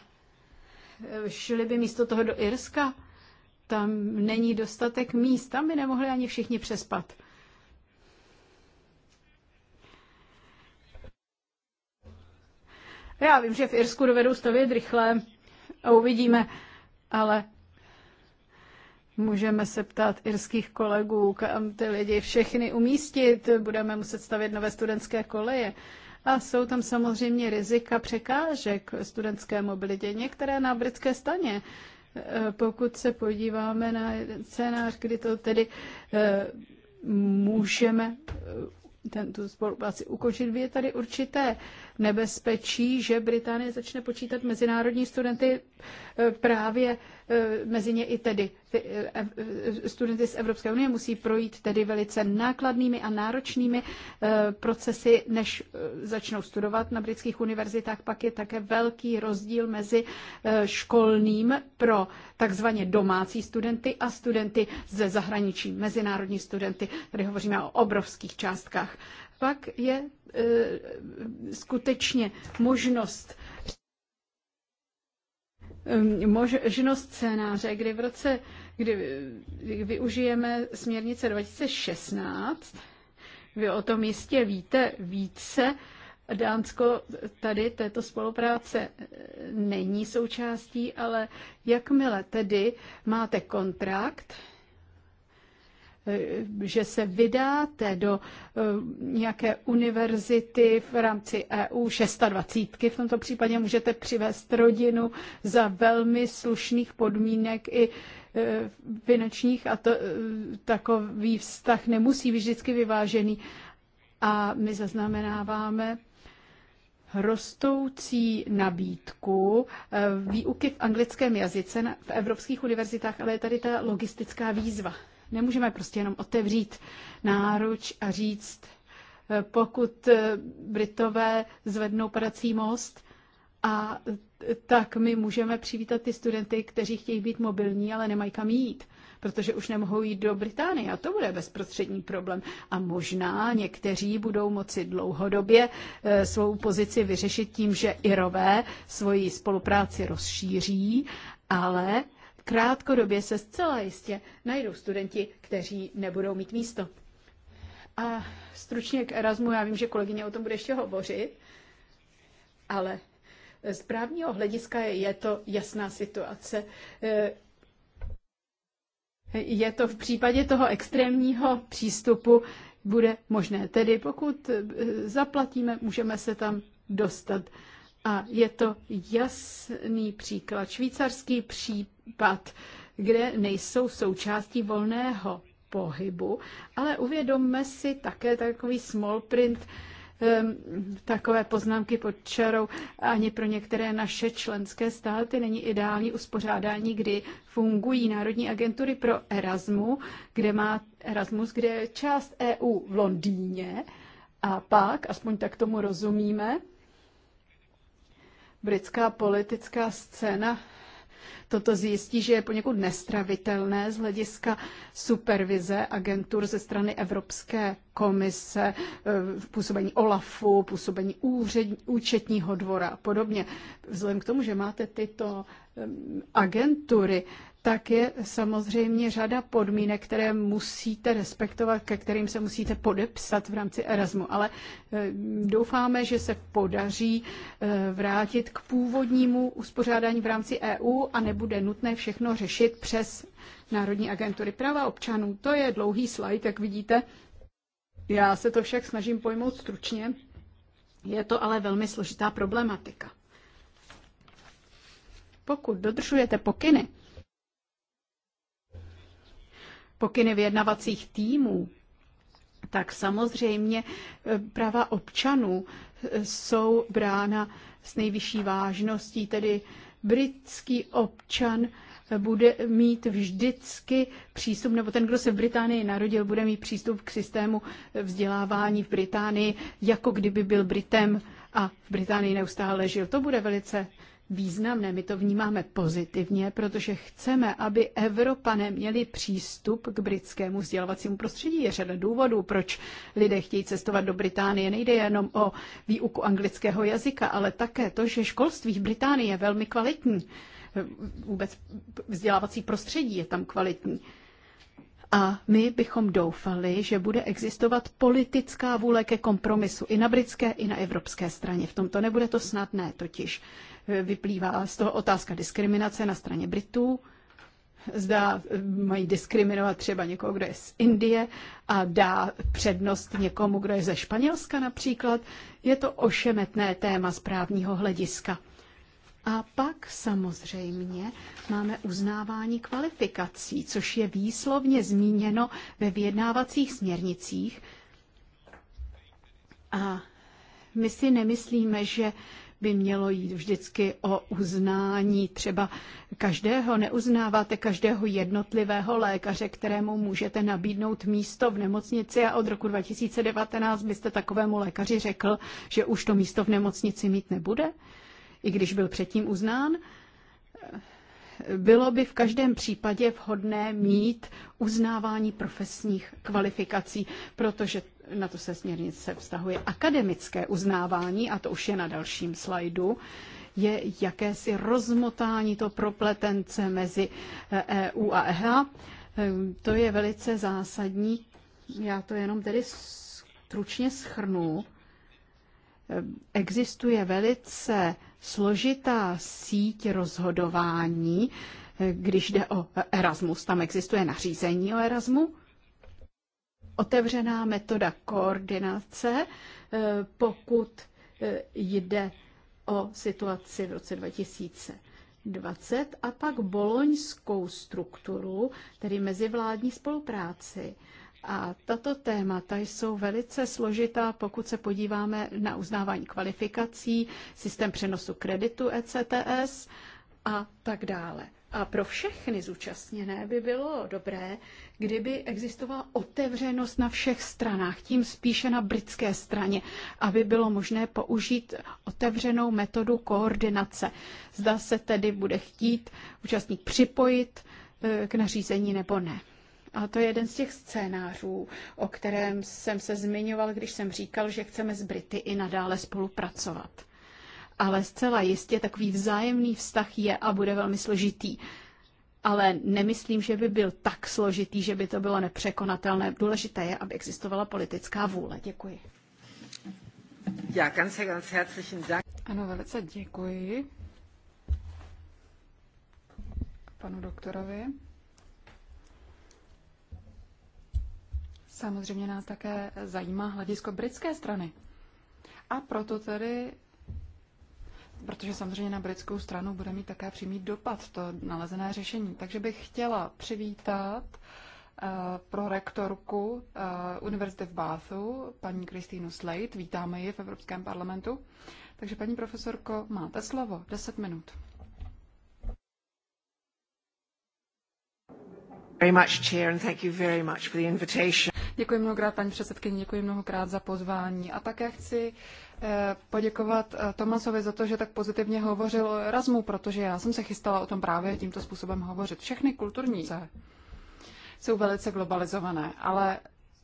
eh, šli by místo toho do Irska. Tam není dostatek míst, tam by nemohli ani všichni přespat. Já vím, že v Irsku dovedou stavět rychle a uvidíme, ale Můžeme se ptát irských kolegů, kam ty lidi všechny umístit, budeme muset stavět nové studentské koleje. A jsou tam samozřejmě rizika překážek studentské mobilitě, některé na britské staně. E, pokud se podíváme na scénář, kdy to tedy e, můžeme e, ten, tu spolupráci ukončit, je tady určité nebezpečí, že Británie začne počítat mezinárodní studenty e, právě e, mezi ně i tedy e, studenty z Evropské unie musí projít tedy velice nákladnými a náročnými procesy, než začnou studovat na britských univerzitách. Pak je také velký rozdíl mezi školným pro takzvaně domácí studenty a studenty ze zahraničí, mezinárodní studenty. Tady hovoříme o obrovských částkách pak je e, skutečně možnost e, možnost scénáře, kdy v roce, kdy využijeme směrnice 2016, vy o tom jistě víte více, Dánsko tady této spolupráce e, není součástí, ale jakmile tedy máte kontrakt, Eh, že se vydáte do eh, nějaké univerzity v rámci EU 26. V tomto případě můžete přivést rodinu za velmi slušných podmínek i eh, finančních a to, takový vztah nemusí být vždycky vyvážený. A my zaznamenáváme rostoucí nabídku výuky v anglickém jazyce v evropských univerzitách, ale je tady ta logistická výzva. Nemůžeme prostě jenom otevřít náruč a říct, eh, pokud eh, Britové zvednou padací most, a eh, tak my můžeme přivítat ty studenty, kteří chtějí být mobilní, ale nemají kam jít, protože už nemohou jít do Británie a to bude bezprostřední problém. A možná někteří budou moci dlouhodobě svou pozici vyřešit tím, že Irové svoji spolupráci rozšíří, ale krátkodobě se zcela jistě najdou studenti, kteří nebudou mít místo. A stručně k Erasmu, já vím, že kolegyně o tom bude ještě hovořit, ale z právního hlediska je to jasná situace. Je to v případě toho extrémního přístupu bude možné. Tedy pokud zaplatíme, můžeme se tam dostat. A je to jasný příklad. Švýcarský příklad západ, kde nejsou součástí volného pohybu, ale uvědomme si také takový small print, takové poznámky pod čarou ani pro některé naše členské státy není ideální uspořádání, kdy fungují Národní agentury pro Erasmu, kde má Erasmus, kde je část EU v Londýně a pak, aspoň tak tomu rozumíme, britská politická scéna toto zjistí, že je poněkud nestravitelné z hlediska supervize agentur ze strany Evropské komise, eh, působení OLAFu, působení úřed, účetního dvora a podobně. Vzhledem k tomu, že máte tyto eh, agentury, tak je samozřejmě řada podmínek, které musíte respektovat, ke kterým se musíte podepsat v rámci Erasmu. Ale eh, doufáme, že se podaří eh, vrátit k původnímu uspořádání v rámci EU a nebude nutné všechno řešit přes Národní agentury práva občanů. To je dlouhý slide, jak vidíte. Já se to však snažím pojmout stručně. Je to ale velmi složitá problematika. Pokud dodržujete pokyny, pokyny vyjednavacích týmů, tak samozřejmě eh, práva občanů eh, jsou brána s nejvyšší vážností, tedy britský občan eh, bude mít vždycky přístup, nebo ten, kdo se v Británii narodil, bude mít přístup k systému vzdělávání v Británii, jako kdyby byl Britem a v Británii neustále žil. To bude velice významné. My to vnímáme pozitivně, protože chceme, aby Evropané měli přístup k britskému vzdělovacímu prostředí. Je řada důvodů, proč lidé chtějí cestovat do Británie. Nejde jenom o výuku anglického jazyka, ale také to, že školství v Británii je velmi kvalitní. Vůbec vzdělávací prostředí je tam kvalitní. A my bychom doufali, že bude existovat politická vůle ke kompromisu i na britské, i na evropské straně. V tomto nebude to snadné totiž. Vyplývá z toho otázka diskriminace na straně Britů. Zda mají diskriminovat třeba někoho, kdo je z Indie a dá přednost někomu, kdo je ze Španělska například. Je to ošemetné téma z právního hlediska. A pak samozřejmě máme uznávání kvalifikací, což je výslovně zmíněno ve vyjednávacích směrnicích. A my si nemyslíme, že by mělo jít vždycky o uznání třeba každého. Neuznáváte každého jednotlivého lékaře, kterému můžete nabídnout místo v nemocnici a od roku 2019 byste takovému lékaři řekl, že už to místo v nemocnici mít nebude, i když byl předtím uznán. Bylo by v každém případě vhodné mít uznávání profesních kvalifikací, protože na to se směrnice vztahuje akademické uznávání, a to už je na dalším slajdu, je jakési rozmotání to propletence mezi EU eh, e a EH. To je velice zásadní. Já to jenom tedy stručně schrnu. Ehm, existuje velice složitá síť rozhodování, když jde o Erasmus, tam existuje nařízení o Erasmu, otevřená metoda koordinace, pokud jde o situaci v roce 2020 a pak boloňskou strukturu, tedy mezivládní spolupráci. A tato témata jsou velice složitá, pokud se podíváme na uznávání kvalifikací, systém přenosu kreditu ECTS a tak dále. A pro všechny zúčastněné by bylo dobré, kdyby existovala otevřenost na všech stranách, tím spíše na britské straně, aby bylo možné použít otevřenou metodu koordinace. Zda se tedy bude chtít účastník připojit e, k nařízení nebo ne. A to je jeden z těch scénářů, o kterém jsem se zmiňoval, když jsem říkal, že chceme s Brity i nadále spolupracovat. Ale zcela jistě takový vzájemný vztah je a bude velmi složitý. Ale nemyslím, že by byl tak složitý, že by to bylo nepřekonatelné. Důležité je, aby existovala politická vůle. Děkuji. Ja, ganz, ganz herzlichen Dank. Ano, velice děkuji panu doktorovi. Samozřejmě nás také zajímá hledisko britské strany. A proto tedy, protože samozřejmě na britskou stranu bude mít také přímý dopad to nalezené řešení. Takže bych chtěla přivítat uh, eh, pro rektorku uh, eh, Univerzity v Bathu, paní Kristýnu Slade. Vítáme ji v Evropském parlamentu. Takže paní profesorko, máte slovo. 10 minut. Děkuji mnohokrát, paní předsedkyně, děkuji mnohokrát za pozvání. A také chci eh, poděkovat eh, Tomasovi za to, že tak pozitivně hovořil o Erasmu, protože já jsem se chystala o tom právě tímto způsobem hovořit. Všechny kulturní jsou velice globalizované, ale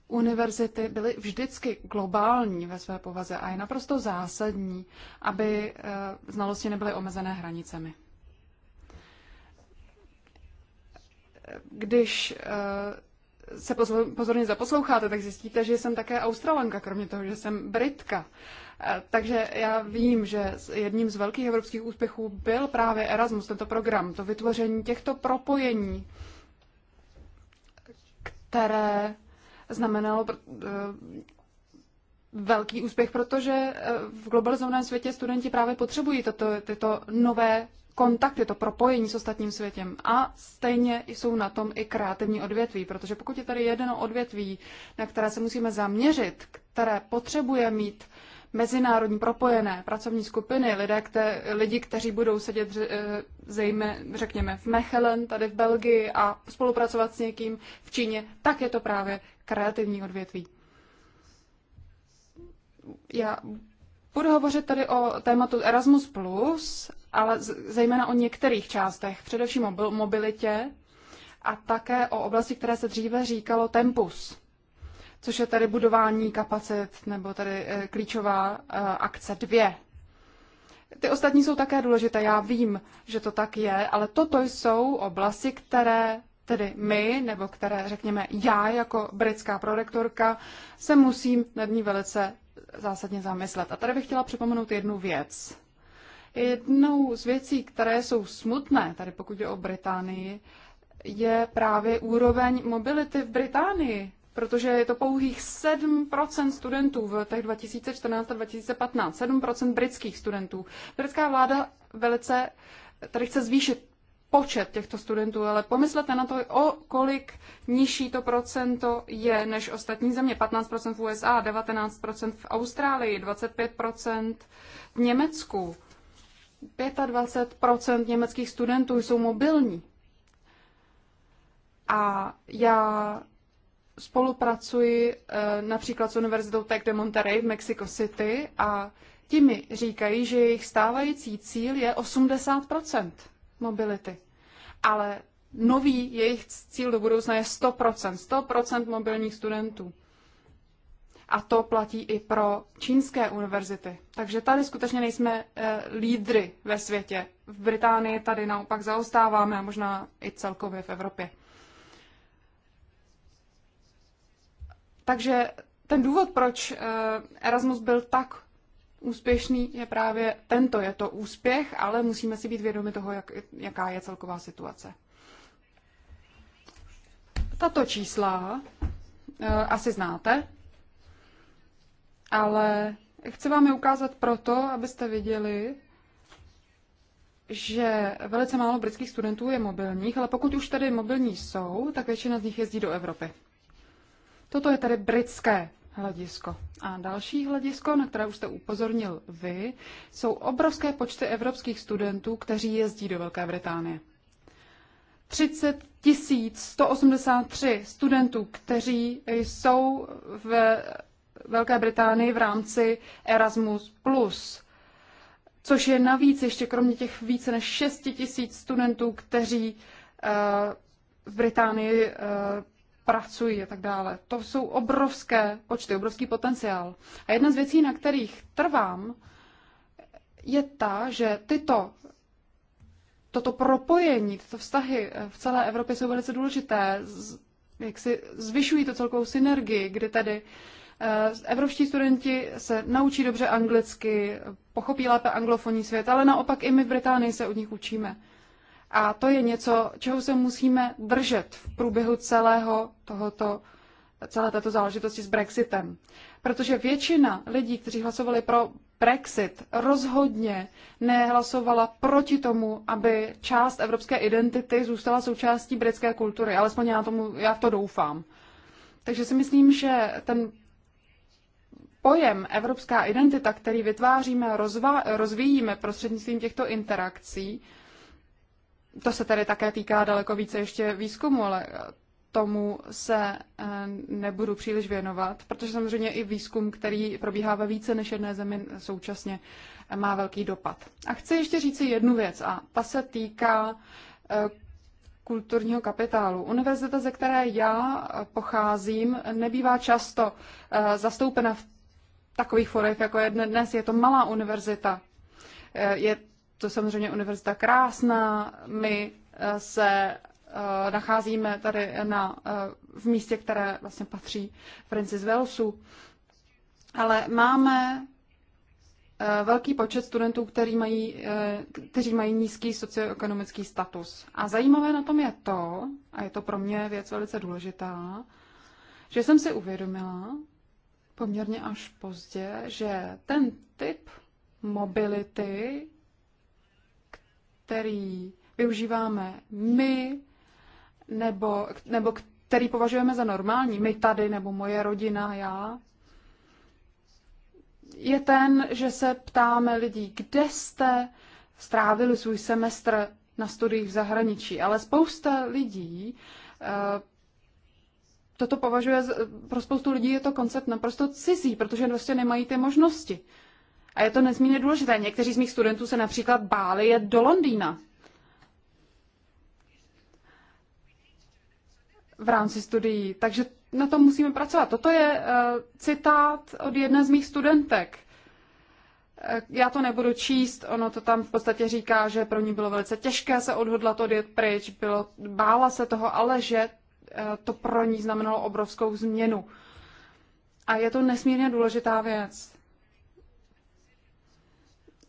univerzity byly vždycky globální ve své povaze a je naprosto zásadní, aby eh, znalosti nebyly omezené hranicemi. když eh, se pozorně zaposloucháte, tak zjistíte, že jsem také Australanka, kromě toho, že jsem Britka. Eh, takže já vím, že jedním z velkých evropských úspěchů byl právě Erasmus, tento program, to vytvoření těchto propojení, které znamenalo eh, velký úspěch, protože v globalizovaném světě studenti právě potřebují tato, tyto nové kontakty, to propojení s ostatním světem. A stejně jsou na tom i kreativní odvětví, protože pokud je tady jedno odvětví, na které se musíme zaměřit, které potřebuje mít mezinárodní propojené pracovní skupiny, lidé, kte, lidi, kteří budou sedět eh, zejme, řekněme, v Mechelen, tady v Belgii a spolupracovat s někým v Číně, tak je to právě kreativní odvětví. Já Budu hovořit tady o tématu Erasmus+, Plus, ale zejména o některých částech, především o mobilitě a také o oblasti, které se dříve říkalo Tempus, což je tady budování kapacit nebo tady eh, klíčová eh, akce 2. Ty ostatní jsou také důležité, já vím, že to tak je, ale toto jsou oblasti, které tedy my, nebo které řekněme já jako britská prorektorka, se musím nad ní velice zásadně zamyslet. A tady bych chtěla připomenout jednu věc. Jednou z věcí, které jsou smutné, tady pokud je o Británii, je právě úroveň mobility v Británii, protože je to pouhých 7% studentů v těch 2014 a 2015, 7% britských studentů. Britská vláda velice tady chce zvýšit počet těchto studentů, ale pomyslete na to, o kolik nižší to procento je než ostatní země. 15% v USA, 19% v Austrálii, 25% v Německu. 25% německých studentů jsou mobilní. A já spolupracuji eh, například s Univerzitou Tech de Monterrey v Mexico City a ti mi říkají, že jejich stávající cíl je 80 mobility. Ale nový jejich cíl do budoucna je 100%, 100% mobilních studentů. A to platí i pro čínské univerzity. Takže tady skutečně nejsme e, lídry ve světě. V Británii tady naopak zaostáváme a možná i celkově v Evropě. Takže ten důvod, proč eh, Erasmus byl tak úspěšný je právě tento, je to úspěch, ale musíme si být vědomi toho, jak, jaká je celková situace. Tato čísla e, asi znáte, ale chci vám je ukázat proto, abyste viděli, že velice málo britských studentů je mobilních, ale pokud už tady mobilní jsou, tak většina z nich jezdí do Evropy. Toto je tady britské hledisko. A další hledisko, na které už jste upozornil vy, jsou obrovské počty evropských studentů, kteří jezdí do Velké Británie. 30 183 studentů, kteří jsou ve Velké Británii v rámci Erasmus+, což je navíc ještě kromě těch více než 6 000 studentů, kteří eh, v Británii eh, pracují a tak dále. To jsou obrovské počty, obrovský potenciál. A jedna z věcí, na kterých trvám, je ta, že tyto toto propojení, tyto vztahy eh, v celé Evropě jsou velice důležité, jak si zvyšují to celkovou synergii, kdy tedy eh, evropští studenti se naučí dobře anglicky, pochopí lépe anglofonní svět, ale naopak i my v Británii se od nich učíme. A to je něco, čeho se musíme držet v průběhu celého tohoto, celé této záležitosti s Brexitem. Protože většina lidí, kteří hlasovali pro Brexit, rozhodně nehlasovala proti tomu, aby část evropské identity zůstala součástí britské kultury. Alespoň já, tomu, já v to doufám. Takže si myslím, že ten pojem evropská identita, který vytváříme a rozvíjíme prostřednictvím těchto interakcí, to se tady také týká daleko více ještě výzkumu, ale tomu se eh, nebudu příliš věnovat, protože samozřejmě i výzkum, který probíhá ve více než jedné zemi současně, eh, má velký dopad. A chci ještě říct si jednu věc a ta se týká eh, kulturního kapitálu. Univerzita, ze které já pocházím, nebývá často zastoupena v takových forech, jako je dnes. Je to malá univerzita. Je to samozřejmě univerzita krásná, my eh, se eh, nacházíme tady na, eh, v místě, které vlastně patří Francis Velsu. ale máme velký počet studentů, který mají, kteří mají nízký socioekonomický status. A zajímavé na tom je to, a je to pro mě věc velice důležitá, že jsem si uvědomila poměrně až pozdě, že ten typ mobility který využíváme my, nebo, nebo který považujeme za normální, my tady, nebo moje rodina, já, je ten, že se ptáme lidí, kde jste strávili svůj semestr na studiích v zahraničí. Ale spousta lidí eh, toto považuje, pro spoustu lidí je to koncept naprosto cizí, protože vlastně nemají ty možnosti. A je to nezmírně důležité. Někteří z mých studentů se například báli jet do Londýna. V rámci studií. Takže na tom musíme pracovat. Toto je uh, citát od jedné z mých studentek. Eh, já to nebudu číst, ono to tam v podstatě říká, že pro ní bylo velice těžké se odhodlat odjet pryč, bylo, bála se toho, ale že eh, to pro ní znamenalo obrovskou změnu. A je to nesmírně důležitá věc.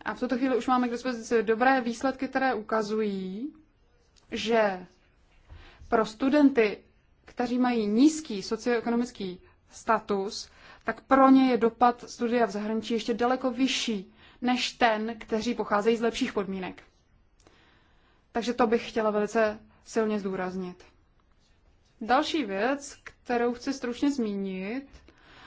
A v tuto chvíli už máme k dispozici dobré výsledky, které ukazují, že pro studenty, kteří mají nízký socioekonomický status, tak pro ně je dopad studia v zahraničí ještě daleko vyšší než ten, kteří pocházejí z lepších podmínek. Takže to bych chtěla velice silně zdůraznit. Další věc, kterou chci stručně zmínit,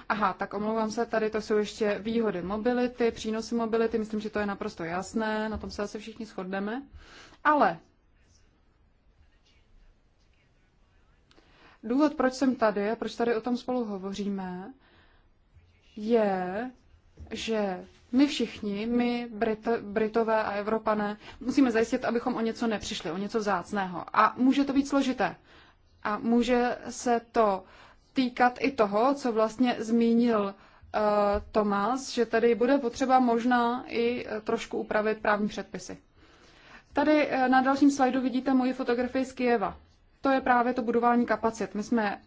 Aha, tak omlouvám se, tady to jsou ještě výhody mobility, přínosy mobility, myslím, že to je naprosto jasné, na tom se asi všichni shodneme. Ale důvod, proč jsem tady a proč tady o tom spolu hovoříme, je, že my všichni, my Brit, Britové a Evropané, musíme zajistit, abychom o něco nepřišli, o něco vzácného. A může to být složité. A může se to týkat i toho, co vlastně zmínil uh, eh, Tomás, že tady bude potřeba možná i eh, trošku upravit právní předpisy. Tady eh, na dalším slajdu vidíte moji fotografii z Kijeva. To je právě to budování kapacit. My jsme,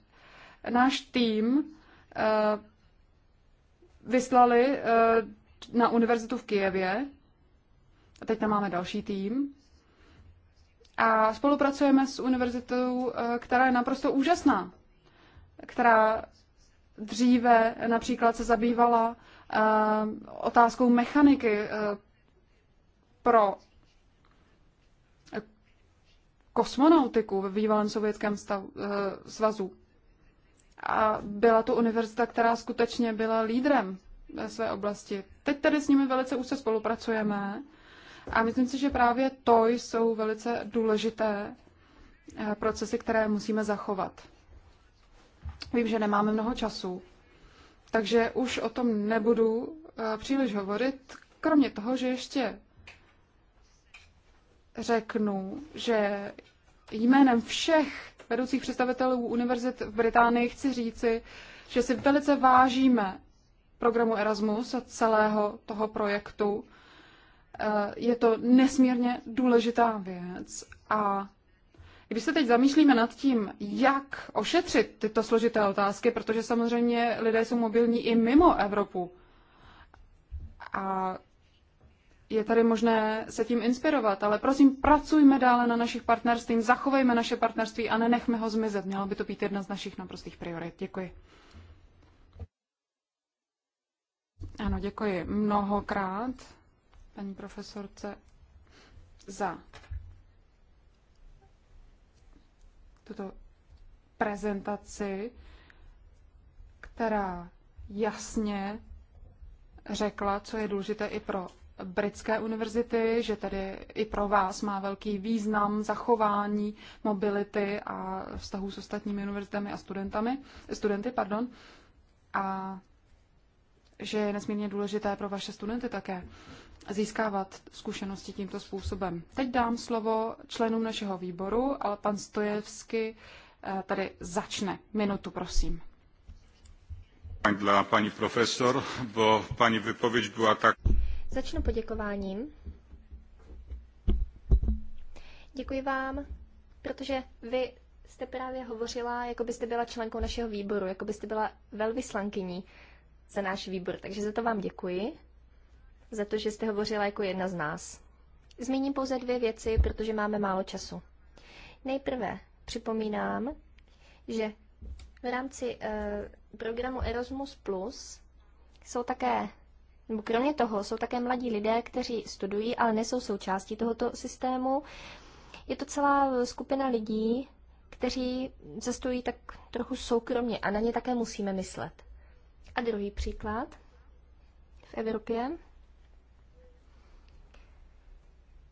náš tým vyslali na univerzitu v Kijevě. A teď tam máme další tým. A spolupracujeme s univerzitou, která je naprosto úžasná která dříve například se zabývala eh, otázkou mechaniky eh, pro kosmonautiku ve bývalém sovětském stav, eh, svazu. A byla to univerzita, která skutečně byla lídrem ve své oblasti. Teď tady s nimi velice úzce spolupracujeme a myslím si, že právě to jsou velice důležité procesy, které musíme zachovat. Vím, že nemáme mnoho času, takže už o tom nebudu eh, příliš hovorit, kromě toho, že ještě řeknu, že jménem všech vedoucích představitelů univerzit v Británii chci říci, že si velice vážíme programu Erasmus a celého toho projektu. Eh, je to nesmírně důležitá věc a když se teď zamýšlíme nad tím, jak ošetřit tyto složité otázky, protože samozřejmě lidé jsou mobilní i mimo Evropu, a je tady možné se tím inspirovat, ale prosím, pracujme dále na našich partnerstvích, zachovejme naše partnerství a nenechme ho zmizet. Mělo by to být jedna z našich naprostých priorit. Děkuji. Ano, děkuji mnohokrát paní profesorce za tuto prezentaci, která jasně řekla, co je důležité i pro britské univerzity, že tady i pro vás má velký význam zachování mobility a vztahů s ostatními univerzitami a studentami, studenty. Pardon, a že je nesmírně důležité pro vaše studenty také získávat zkušenosti tímto způsobem. Teď dám slovo členům našeho výboru, ale pan Stojevsky eh, tady začne. Minutu, prosím. Dla paní profesor, bo paní vypověď byla tak... Začnu poděkováním. Děkuji vám, protože vy jste právě hovořila, jako byste byla členkou našeho výboru, jako byste byla velvyslankyní za náš výbor, takže za to vám děkuji za to, že jste hovořila jako jedna z nás. Zmíním pouze dvě věci, protože máme málo času. Nejprve připomínám, že v rámci e, programu Erasmus Plus jsou také, nebo kromě toho, jsou také mladí lidé, kteří studují, ale nejsou součástí tohoto systému. Je to celá skupina lidí, kteří cestují tak trochu soukromně a na ně také musíme myslet. A druhý příklad v Evropě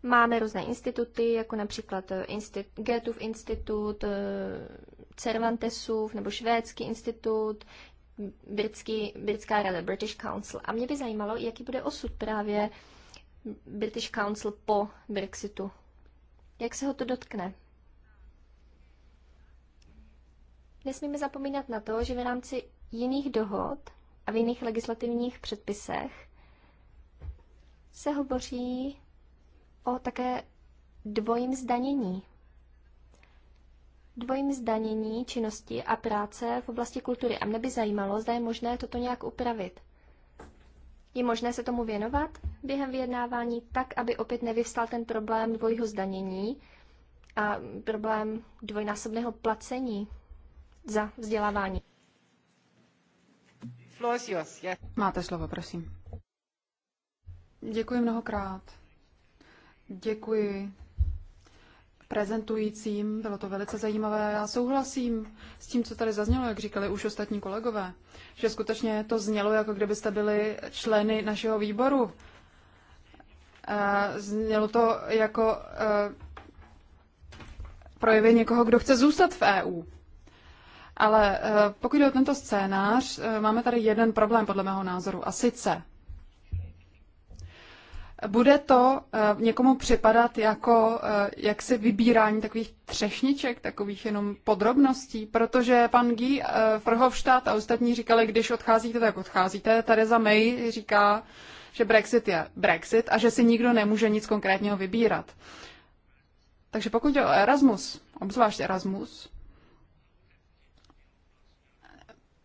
Máme různé instituty, jako například eh, instit- Goethův institut, eh, Cervantesův nebo Švédský institut, britský, britská rada, British Council. A mě by zajímalo, jaký bude osud právě British Council po Brexitu. Jak se ho to dotkne? Nesmíme zapomínat na to, že v rámci jiných dohod a v jiných legislativních předpisech se hovoří o také dvojím zdanění. Dvojím zdanění činnosti a práce v oblasti kultury. A mne by zajímalo, zda je možné toto nějak upravit. Je možné se tomu věnovat během vyjednávání tak, aby opět nevyvstal ten problém dvojího zdanění a problém dvojnásobného placení za vzdělávání. Máte slovo, prosím. Děkuji mnohokrát. Děkuji prezentujícím, bylo to velice zajímavé. Já souhlasím s tím, co tady zaznělo, jak říkali už ostatní kolegové, že skutečně to znělo, jako kdybyste byli členy našeho výboru. Eh, znělo to jako eh, projevy někoho, kdo chce zůstat v EU. Ale eh, pokud jde o tento scénář, máme tady jeden problém podle mého názoru, a sice bude to eh, někomu připadat jako eh, jaksi vybírání takových třešniček, takových jenom podrobností, protože pan Guy Frhofstadt eh, a ostatní říkali, když odcházíte, tak odcházíte. Tereza May říká, že Brexit je Brexit a že si nikdo nemůže nic konkrétního vybírat. Takže pokud je o Erasmus, obzvlášť Erasmus,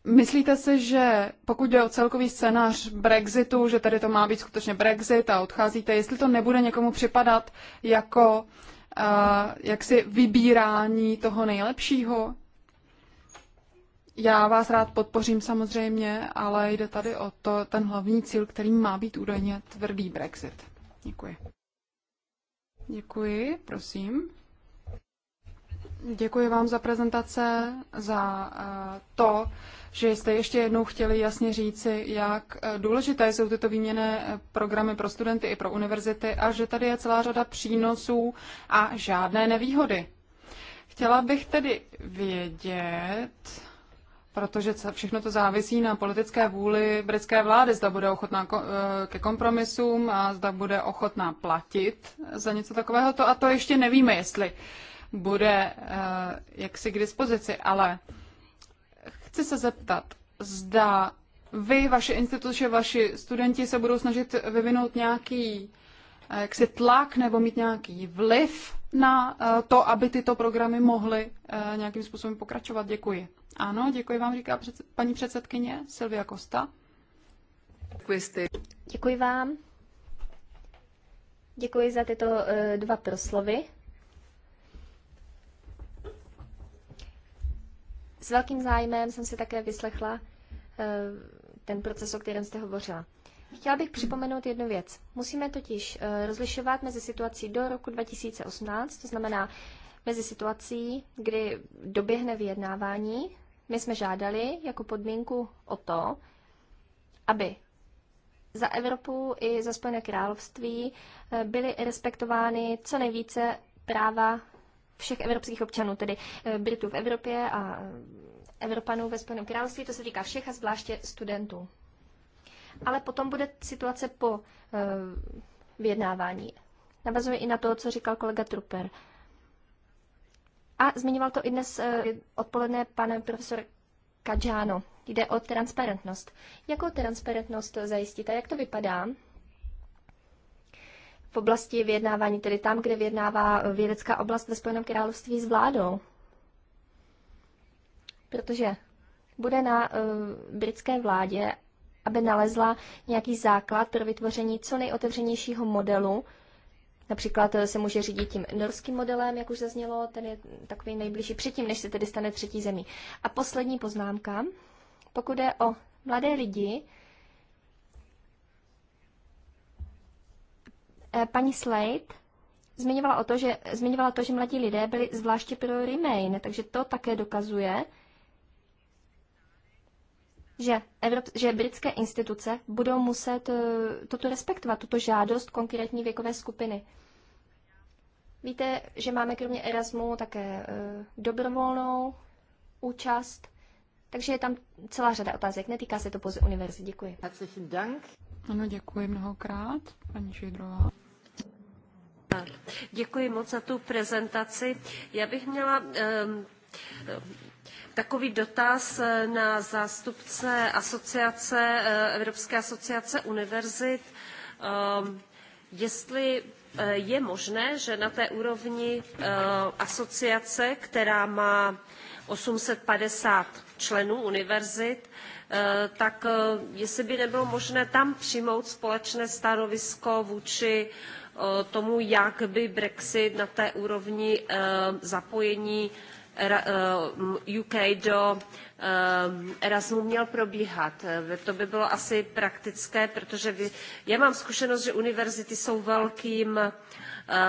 Myslíte si, že pokud jde o celkový scénář Brexitu, že tady to má být skutečně Brexit a odcházíte, jestli to nebude někomu připadat jako uh, jaksi vybírání toho nejlepšího? Já vás rád podpořím samozřejmě, ale jde tady o to, ten hlavní cíl, který má být údajně tvrdý Brexit. Děkuji. Děkuji, prosím. Děkuji vám za prezentace, za eh, to, že jste ještě jednou chtěli jasně říci, jak eh, důležité jsou tyto výměné eh, programy pro studenty i pro univerzity a že tady je celá řada přínosů a žádné nevýhody. Chtěla bych tedy vědět, protože všechno to závisí na politické vůli britské vlády, zda bude ochotná eh, ke kompromisům a zda bude ochotná platit za něco takového. To a to ještě nevíme, jestli bude jaksi k dispozici, ale Chci se zeptat, zda vy, vaše instituce, vaši studenti se budou snažit vyvinout nějaký eh, jaksi tlak nebo mít nějaký vliv na eh, to, aby tyto programy mohly eh, nějakým způsobem pokračovat. Děkuji. Ano, děkuji vám, říká před, paní předsedkyně Silvia Kosta. Děkuji vám. Děkuji za tyto dva proslovy. S velkým zájmem jsem si také vyslechla eh, ten proces, o kterém jste hovořila. Chtěla bych připomenout jednu věc. Musíme totiž eh, rozlišovat mezi situací do roku 2018, to znamená mezi situací, kdy doběhne vyjednávání. My jsme žádali jako podmínku o to, aby za Evropu i za Spojené království eh, byly respektovány co nejvíce práva všech evropských občanů, tedy eh, Britů v Evropě a eh, Evropanů ve Spojeném království, to se týká všech a zvláště studentů. Ale potom bude situace po eh, vyjednávání. Navazuje i na to, co říkal kolega Truper. A zmiňoval to i dnes odpoledne pan profesor Kadžáno. Jde o transparentnost. Jakou transparentnost zajistíte? Jak to vypadá? v oblasti vyjednávání, tedy tam, kde vyjednává vědecká oblast ve Spojeném království s vládou. Protože bude na uh, britské vládě, aby nalezla nějaký základ pro vytvoření co nejotevřenějšího modelu. Například eh, se může řídit tím norským modelem, jak už zaznělo, ten je takový nejbližší předtím, než se tedy stane třetí zemí. A poslední poznámka, pokud je o mladé lidi, Eh, paní Slade zmiňovala, o to, že, zmiňovala to, že mladí lidé byli zvláště pro Remain, takže to také dokazuje, že, Evrop, že britské instituce budou muset eh, toto respektovat, tuto žádost konkrétní věkové skupiny. Víte, že máme kromě Erasmu také eh, dobrovolnou účast, takže je tam celá řada otázek. Netýká se to pouze univerzity. Děkuji. Ano, děkuji mnohokrát, paní Šidrová. Děkuji moc za tu prezentaci. Já bych měla takový dotaz eh, na zástupce asociace, eh, Evropské asociace univerzit. Jestli eh, je možné, že na té úrovni asociace, která má 850 členů univerzit, tak jestli by nebylo možné tam přijmout společné stanovisko vůči Eh, tomu, jak by Brexit na té úrovni eh, zapojení eh, UK do Erasmu měl probíhat. To by bylo asi praktické, protože vy, já mám zkušenost, že univerzity jsou velkým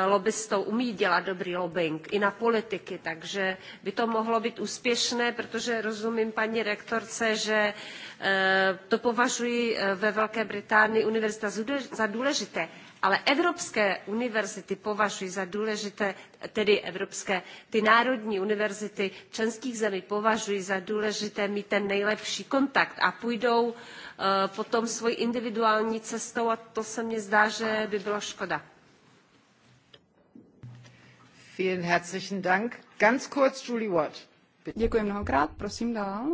lobbystou, umí dělat dobrý lobbying i na politiky, takže by to mohlo být úspěšné, protože rozumím paní rektorce, že to považují ve Velké Británii univerzita za důležité ale evropské univerzity považuji za důležité, tedy evropské, ty národní univerzity členských zemí považuji za důležité mít ten nejlepší kontakt a půjdou eh, potom svojí individuální cestou a to se mně zdá, že by byla škoda. Vielen herzlichen Dank. Ganz kurz, Julie Watt. Děkuji mnohokrát, prosím dál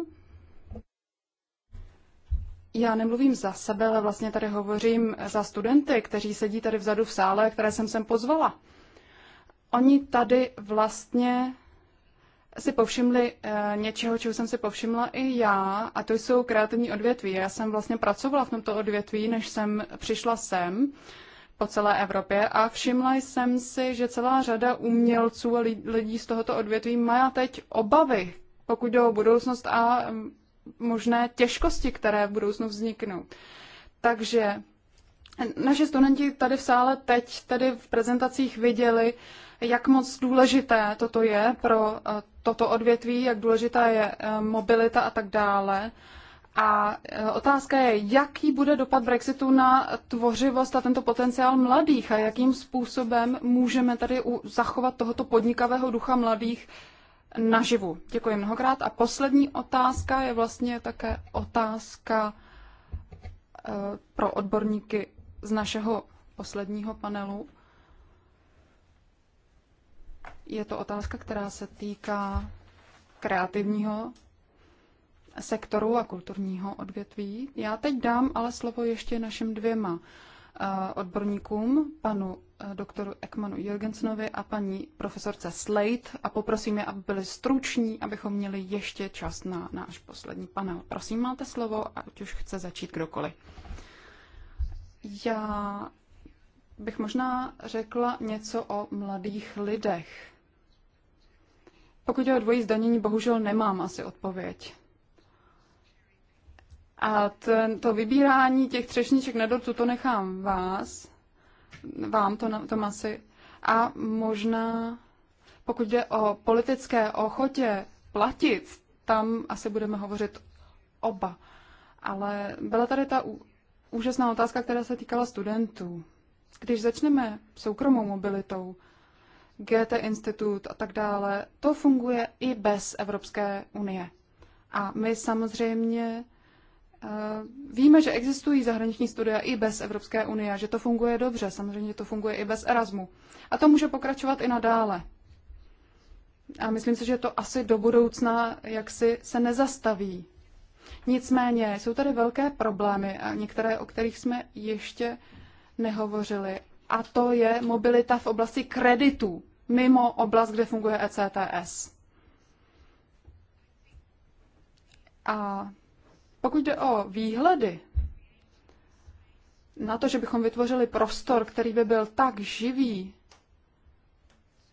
já nemluvím za sebe, ale vlastně tady hovořím za studenty, kteří sedí tady vzadu v sále, které jsem sem pozvala. Oni tady vlastně si povšimli eh, něčeho, čeho jsem si povšimla i já, a to jsou kreativní odvětví. Já jsem vlastně pracovala v tomto odvětví, než jsem přišla sem po celé Evropě a všimla jsem si, že celá řada umělců a lidí z tohoto odvětví má teď obavy, pokud jde o budoucnost a mm, možné těžkosti, které v budoucnu vzniknou. Takže naši studenti tady v sále teď, tedy v prezentacích viděli, jak moc důležité toto je pro eh, toto odvětví, jak důležitá je eh, mobilita a tak dále. A eh, otázka je, jaký bude dopad Brexitu na tvořivost a tento potenciál mladých a jakým způsobem můžeme tady zachovat tohoto podnikavého ducha mladých naživu. Děkuji mnohokrát. A poslední otázka je vlastně také otázka eh, pro odborníky z našeho posledního panelu. Je to otázka, která se týká kreativního sektoru a kulturního odvětví. Já teď dám ale slovo ještě našim dvěma eh, odborníkům, panu doktoru Ekmanu Jürgensenovi a paní profesorce Slate a poprosím je, aby byli struční, abychom měli ještě čas na náš poslední panel. Prosím, máte slovo, ať už chce začít kdokoliv. Já bych možná řekla něco o mladých lidech. Pokud je o dvojí zdanění, bohužel nemám asi odpověď. A to, to vybírání těch třešniček na dortu, to nechám vás vám, to, Tomasi. A možná, pokud jde o politické ochotě platit, tam asi budeme hovořit oba. Ale byla tady ta úžasná otázka, která se týkala studentů. Když začneme soukromou mobilitou, GT Institut a tak dále, to funguje i bez Evropské unie. A my samozřejmě Eh, víme, že existují zahraniční studia i bez Evropské unie, že to funguje dobře, samozřejmě to funguje i bez Erasmu. A to může pokračovat i nadále. A myslím si, že to asi do budoucna jaksi se nezastaví. Nicméně jsou tady velké problémy, a některé, o kterých jsme ještě nehovořili. A to je mobilita v oblasti kreditů, mimo oblast, kde funguje ECTS. A pokud jde o výhledy na to, že bychom vytvořili prostor, který by byl tak živý,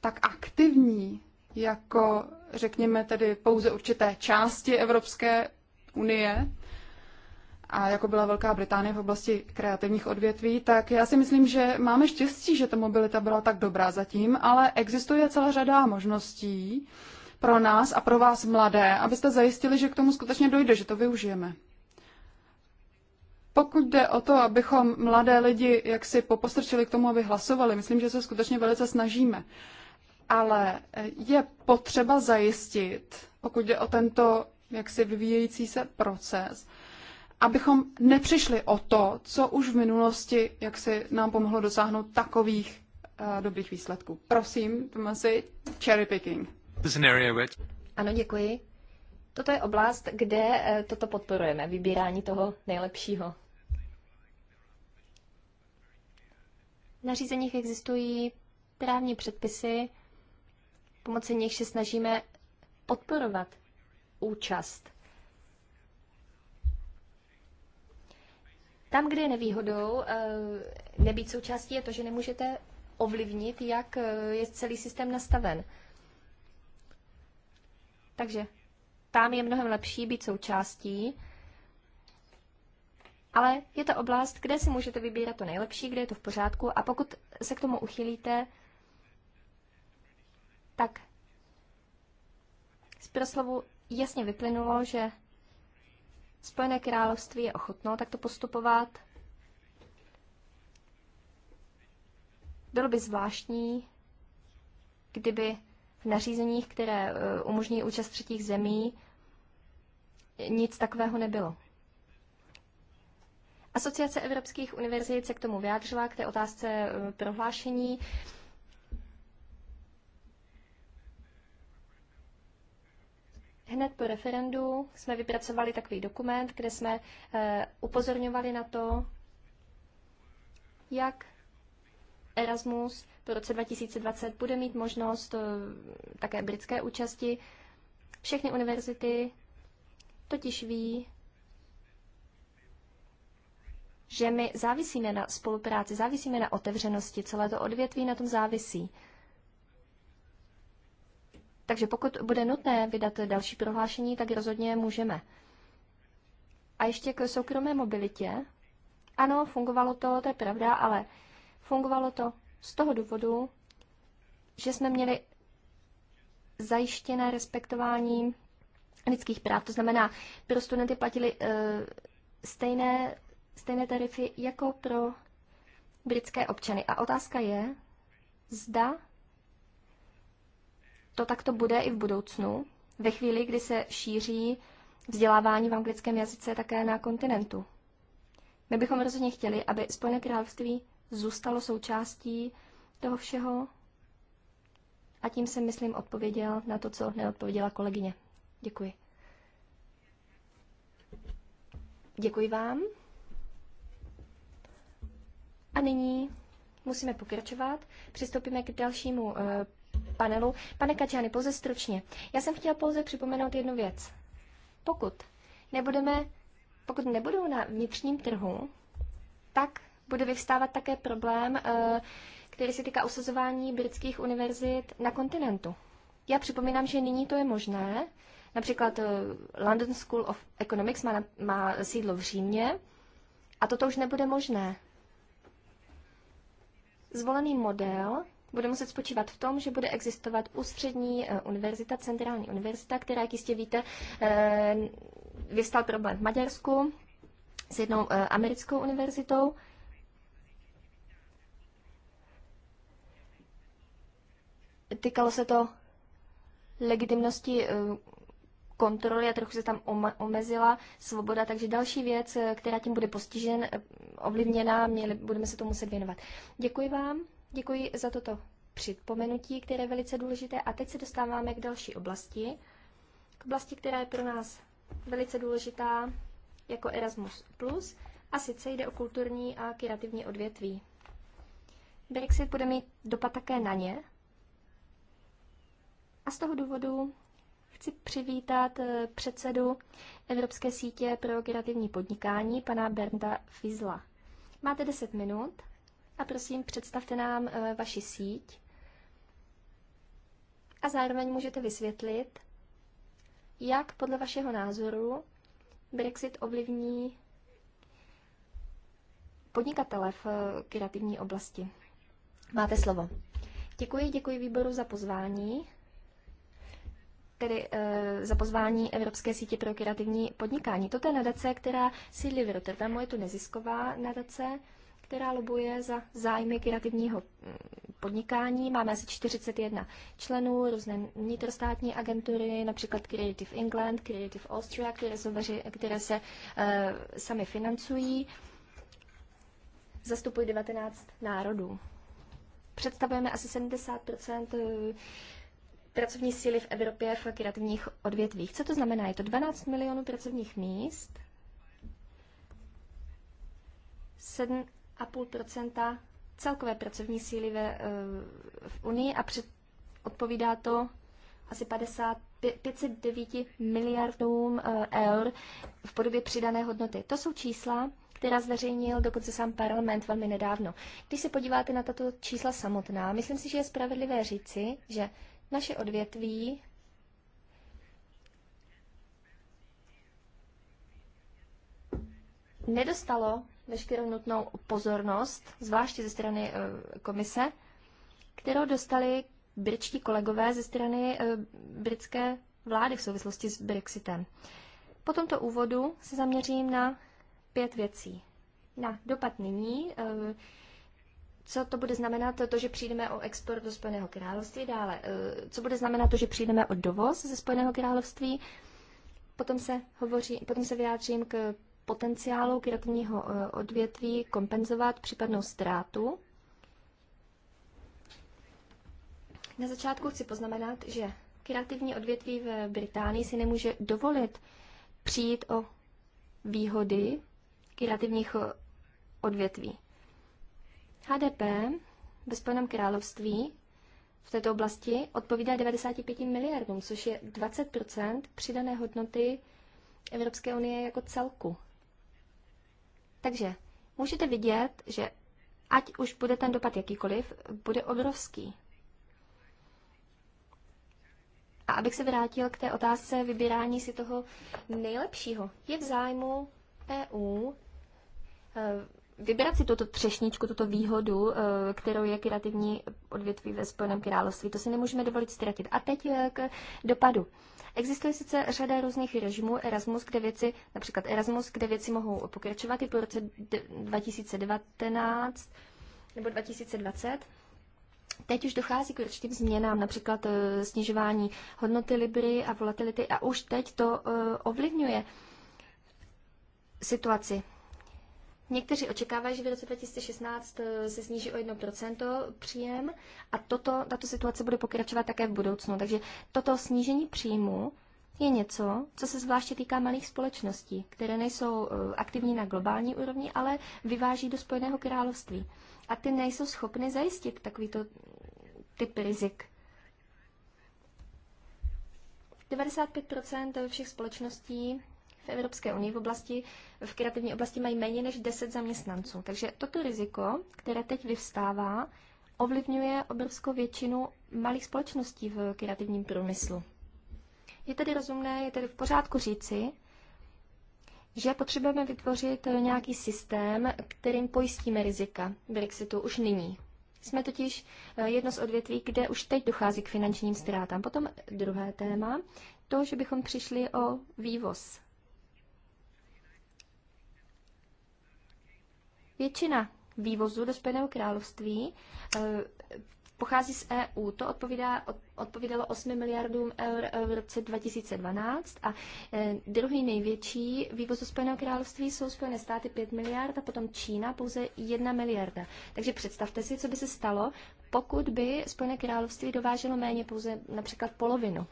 tak aktivní, jako řekněme tedy pouze určité části Evropské unie, a jako byla Velká Británie v oblasti kreativních odvětví, tak já si myslím, že máme štěstí, že ta mobilita byla tak dobrá zatím, ale existuje celá řada možností, pro nás a pro vás mladé, abyste zajistili, že k tomu skutečně dojde, že to využijeme. Pokud jde o to, abychom mladé lidi jaksi popostrčili k tomu, aby hlasovali, myslím, že se skutečně velice snažíme. Ale je potřeba zajistit, pokud jde o tento jaksi vyvíjející se proces, abychom nepřišli o to, co už v minulosti, jak si nám pomohlo dosáhnout takových uh, dobrých výsledků. Prosím, to si cherry picking. Ano, děkuji. Toto je oblast, kde eh, toto podporujeme, vybírání toho nejlepšího. V nařízeních existují právní předpisy, pomocí nich se snažíme podporovat účast. Tam, kde je nevýhodou eh, nebýt součástí, je to, že nemůžete ovlivnit, jak eh, je celý systém nastaven. Takže tam je mnohem lepší být součástí, ale je to oblast, kde si můžete vybírat to nejlepší, kde je to v pořádku a pokud se k tomu uchylíte, tak z proslovu jasně vyplynulo, že Spojené království je ochotno takto postupovat. Bylo by zvláštní, kdyby v nařízeních, které e, umožní účast třetích zemí, nic takového nebylo. Asociace evropských univerzit se k tomu vyjádřila, k té otázce e, prohlášení. Hned po referendu jsme vypracovali takový dokument, kde jsme e, upozorňovali na to, jak Erasmus po roce 2020 bude mít možnost eh, také britské účasti. Všechny univerzity totiž ví, že my závisíme na spolupráci, závisíme na otevřenosti, celé to odvětví na tom závisí. Takže pokud bude nutné vydat další prohlášení, tak rozhodně můžeme. A ještě k soukromé mobilitě. Ano, fungovalo to, to je pravda, ale Fungovalo to z toho důvodu, že jsme měli zajištěné respektování lidských práv. To znamená, pro studenty platili uh, stejné, stejné tarify jako pro britské občany. A otázka je, zda to takto bude i v budoucnu, ve chvíli, kdy se šíří vzdělávání v anglickém jazyce také na kontinentu. My bychom rozhodně chtěli, aby Spojené království zůstalo součástí toho všeho. A tím jsem, myslím, odpověděl na to, co neodpověděla kolegyně. Děkuji. Děkuji vám. A nyní musíme pokračovat. Přistoupíme k dalšímu uh, panelu. Pane Kačány, pouze stručně. Já jsem chtěla pouze připomenout jednu věc. Pokud nebudeme, pokud nebudou na vnitřním trhu, tak bude vyvstávat také problém, eh, který se týká usazování britských univerzit na kontinentu. Já připomínám, že nyní to je možné. Například eh, London School of Economics má, má sídlo v Římě a toto už nebude možné. Zvolený model bude muset spočívat v tom, že bude existovat ústřední eh, univerzita, centrální univerzita, která, jak jistě víte, vystal problém v Maďarsku s jednou americkou univerzitou. Týkalo se to legitimnosti eh, kontroly a trochu se tam omezila svoboda, takže další věc, eh, která tím bude postižen, eh, ovlivněná, měli, budeme se tomu muset věnovat. Děkuji vám, děkuji za toto připomenutí, které je velice důležité. A teď se dostáváme k další oblasti, k oblasti, která je pro nás velice důležitá jako Erasmus+, a sice jde o kulturní a kreativní odvětví. Brexit bude mít dopad také na ně, a z toho důvodu chci přivítat eh, předsedu Evropské sítě pro kreativní podnikání, pana Bernda Fizla. Máte 10 minut a prosím, představte nám eh, vaši síť a zároveň můžete vysvětlit, jak podle vašeho názoru Brexit ovlivní podnikatele v eh, kreativní oblasti. Máte slovo. Děkuji, děkuji výboru za pozvání tedy e, za pozvání Evropské sítě pro kreativní podnikání. Toto je nadace, která sídlí v Rotterdamu, je to nezisková nadace, která lobuje za zájmy kreativního mm, podnikání. Máme asi 41 členů, různé vnitrostátní agentury, například Creative England, Creative Austria, které, jsou veři, které se e, sami financují. Zastupují 19 národů. Představujeme asi 70 pracovní síly v Evropě v kreativních odvětvích. Co to znamená? Je to 12 milionů pracovních míst, 7,5 celkové pracovní síly ve, eh, v Unii a před, odpovídá to asi 50, 509 miliardům eh, eur v podobě přidané hodnoty. To jsou čísla, která zveřejnil dokonce sám parlament velmi nedávno. Když se podíváte na tato čísla samotná, myslím si, že je spravedlivé říci, že naše odvětví nedostalo veškerou nutnou pozornost, zvláště ze strany eh, komise, kterou dostali britští kolegové ze strany eh, britské vlády v souvislosti s Brexitem. Po tomto úvodu se zaměřím na pět věcí. Na dopad nyní, eh, co to bude znamenat to, že přijdeme o export do Spojeného království dále? Eh, co bude znamenat to, že přijdeme o dovoz ze Spojeného království? Potom se, hovoří, potom se vyjádřím k potenciálu kreativního eh, odvětví kompenzovat případnou ztrátu. Na začátku chci poznamenat, že kreativní odvětví v Británii si nemůže dovolit přijít o výhody kreativních eh, odvětví. HDP ve Spojeném království v této oblasti odpovídá 95 miliardům, což je 20 přidané hodnoty Evropské unie jako celku. Takže můžete vidět, že ať už bude ten dopad jakýkoliv, bude obrovský. A abych se vrátil k té otázce vybírání si toho nejlepšího. Je v zájmu EU eh, vybrat si tuto třešničku, tuto výhodu, eh, kterou je kreativní odvětví ve Spojeném království. To si nemůžeme dovolit ztratit. A teď eh, k dopadu. Existuje sice řada různých režimů Erasmus, kde věci, například Erasmus, kde věci mohou pokračovat i po roce 2019 nebo 2020. Teď už dochází k určitým změnám, například eh, snižování hodnoty Libry a volatility a už teď to ovlivňuje situaci Někteří očekávají, že v roce 2016 eh, se sníží o 1% příjem a toto, tato situace bude pokračovat také v budoucnu. Takže toto snížení příjmu je něco, co se zvláště týká malých společností, které nejsou eh, aktivní na globální úrovni, ale vyváží do Spojeného království. A ty nejsou schopny zajistit takovýto typ rizik. 95% všech společností Evropské unii v oblasti, v kreativní oblasti mají méně než 10 zaměstnanců. Takže toto riziko, které teď vyvstává, ovlivňuje obrovskou většinu malých společností v kreativním průmyslu. Je tedy rozumné, je tedy v pořádku říci, že potřebujeme vytvořit nějaký systém, kterým pojistíme rizika Brexitu už nyní. Jsme totiž eh, jedno z odvětví, kde už teď dochází k finančním ztrátám. Potom druhé téma, to, že bychom přišli o vývoz Většina vývozu do Spojeného království eh, pochází z EU. To odpovídá, odpovídalo 8 miliardům eur eh, v roce 2012 a eh, druhý největší vývoz do Spojeného království jsou Spojené státy 5 miliard a potom Čína pouze 1 miliarda. Takže představte si, co by se stalo, pokud by Spojené království dováželo méně pouze například polovinu.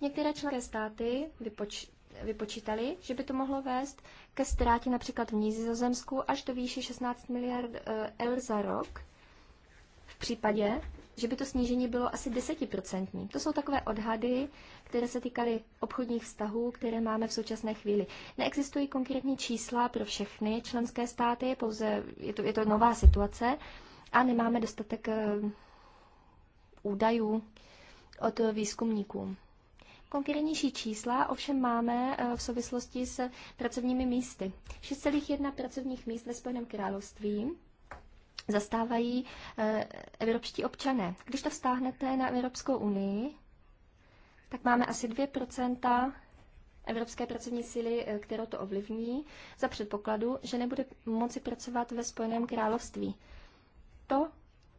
Některé členské státy vypoč- vypočítali, že by to mohlo vést ke ztrátě například v Nízozemsku až do výše 16 miliard eh, eur za rok v případě, že by to snížení bylo asi desetiprocentní. To jsou takové odhady, které se týkaly obchodních vztahů, které máme v současné chvíli. Neexistují konkrétní čísla pro všechny členské státy, pouze je to, je to nová situace a nemáme dostatek eh, údajů od výzkumníků. Konkrétnější čísla ovšem máme eh, v souvislosti s pracovními místy. 6,1 pracovních míst ve Spojeném království zastávají eh, evropští občané. Když to vztáhnete na Evropskou unii, tak máme asi 2 evropské pracovní síly, eh, kterou to ovlivní, za předpokladu, že nebude moci pracovat ve Spojeném království. To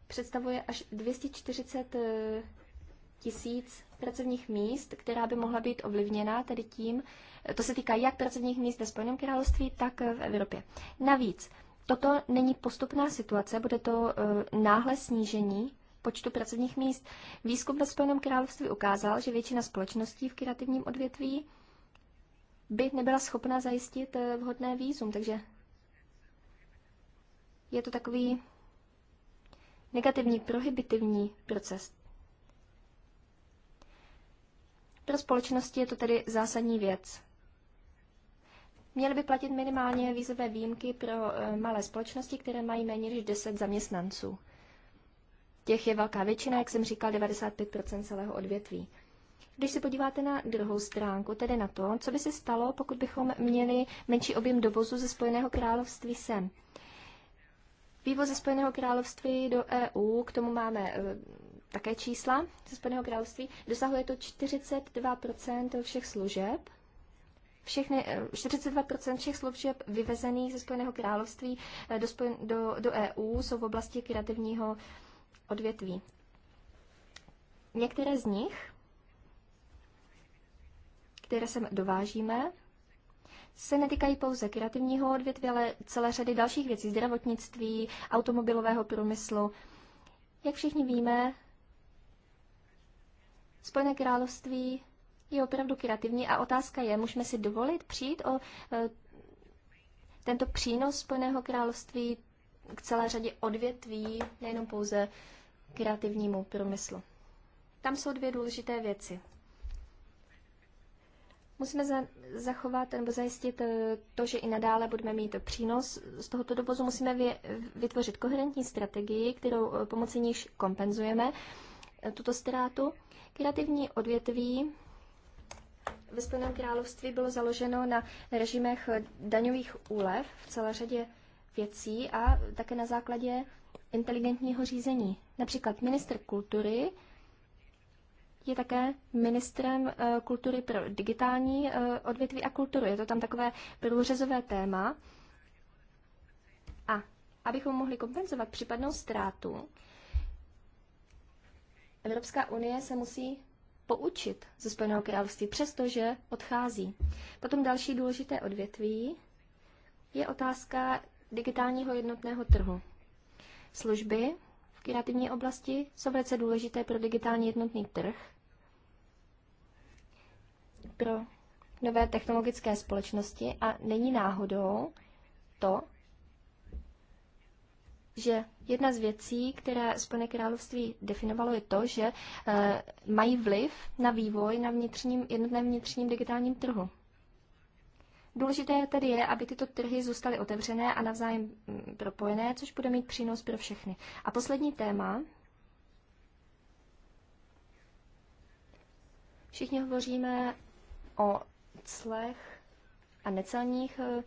představuje až 240 tisíc pracovních míst, která by mohla být ovlivněna tedy tím, to se týká jak pracovních míst ve Spojeném království, tak v Evropě. Navíc, toto není postupná situace, bude to e, náhle snížení počtu pracovních míst. Výzkum ve Spojeném království ukázal, že většina společností v kreativním odvětví by nebyla schopna zajistit e, vhodné výzum, takže je to takový negativní, prohibitivní proces. Pro společnosti je to tedy zásadní věc. Měly by platit minimálně vízové výjimky pro eh, malé společnosti, které mají méně než 10 zaměstnanců. Těch je velká většina, jak jsem říkal, 95 celého odvětví. Když se podíváte na druhou stránku, tedy na to, co by se stalo, pokud bychom měli menší objem dovozu ze Spojeného království sem. Vývoz ze Spojeného království do EU, k tomu máme eh, také čísla ze Spojeného království, dosahuje to 42% všech služeb, všechny, 42% eh, všech služeb vyvezených ze Spojeného království eh, do, spojen, do, do EU jsou v oblasti kreativního odvětví. Některé z nich, které sem dovážíme, se netýkají pouze kreativního odvětví, ale celé řady dalších věcí, zdravotnictví, automobilového průmyslu. Jak všichni víme, Spojené království je opravdu kreativní a otázka je, můžeme si dovolit přijít o e, tento přínos Spojeného království k celé řadě odvětví, nejenom pouze kreativnímu průmyslu. Tam jsou dvě důležité věci. Musíme za, zachovat nebo zajistit e, to, že i nadále budeme mít přínos z tohoto dovozu. Musíme vytvořit koherentní strategii, kterou e, pomocí níž kompenzujeme tuto ztrátu. Kreativní odvětví ve Spojeném království bylo založeno na režimech daňových úlev v celé řadě věcí a také na základě inteligentního řízení. Například minister kultury je také ministrem eh, kultury pro digitální eh, odvětví a kulturu. Je to tam takové průřezové téma. A abychom mohli kompenzovat případnou ztrátu, Evropská unie se musí poučit ze Spojeného království, přestože odchází. Potom další důležité odvětví je otázka digitálního jednotného trhu. Služby v kreativní oblasti jsou velice důležité pro digitální jednotný trh, pro nové technologické společnosti a není náhodou to, že jedna z věcí, které Spojené království definovalo, je to, že eh, mají vliv na vývoj na vnitřním, jednotném vnitřním digitálním trhu. Důležité tedy je, aby tyto trhy zůstaly otevřené a navzájem mm, propojené, což bude mít přínos pro všechny. A poslední téma. Všichni hovoříme o clech a necelních eh,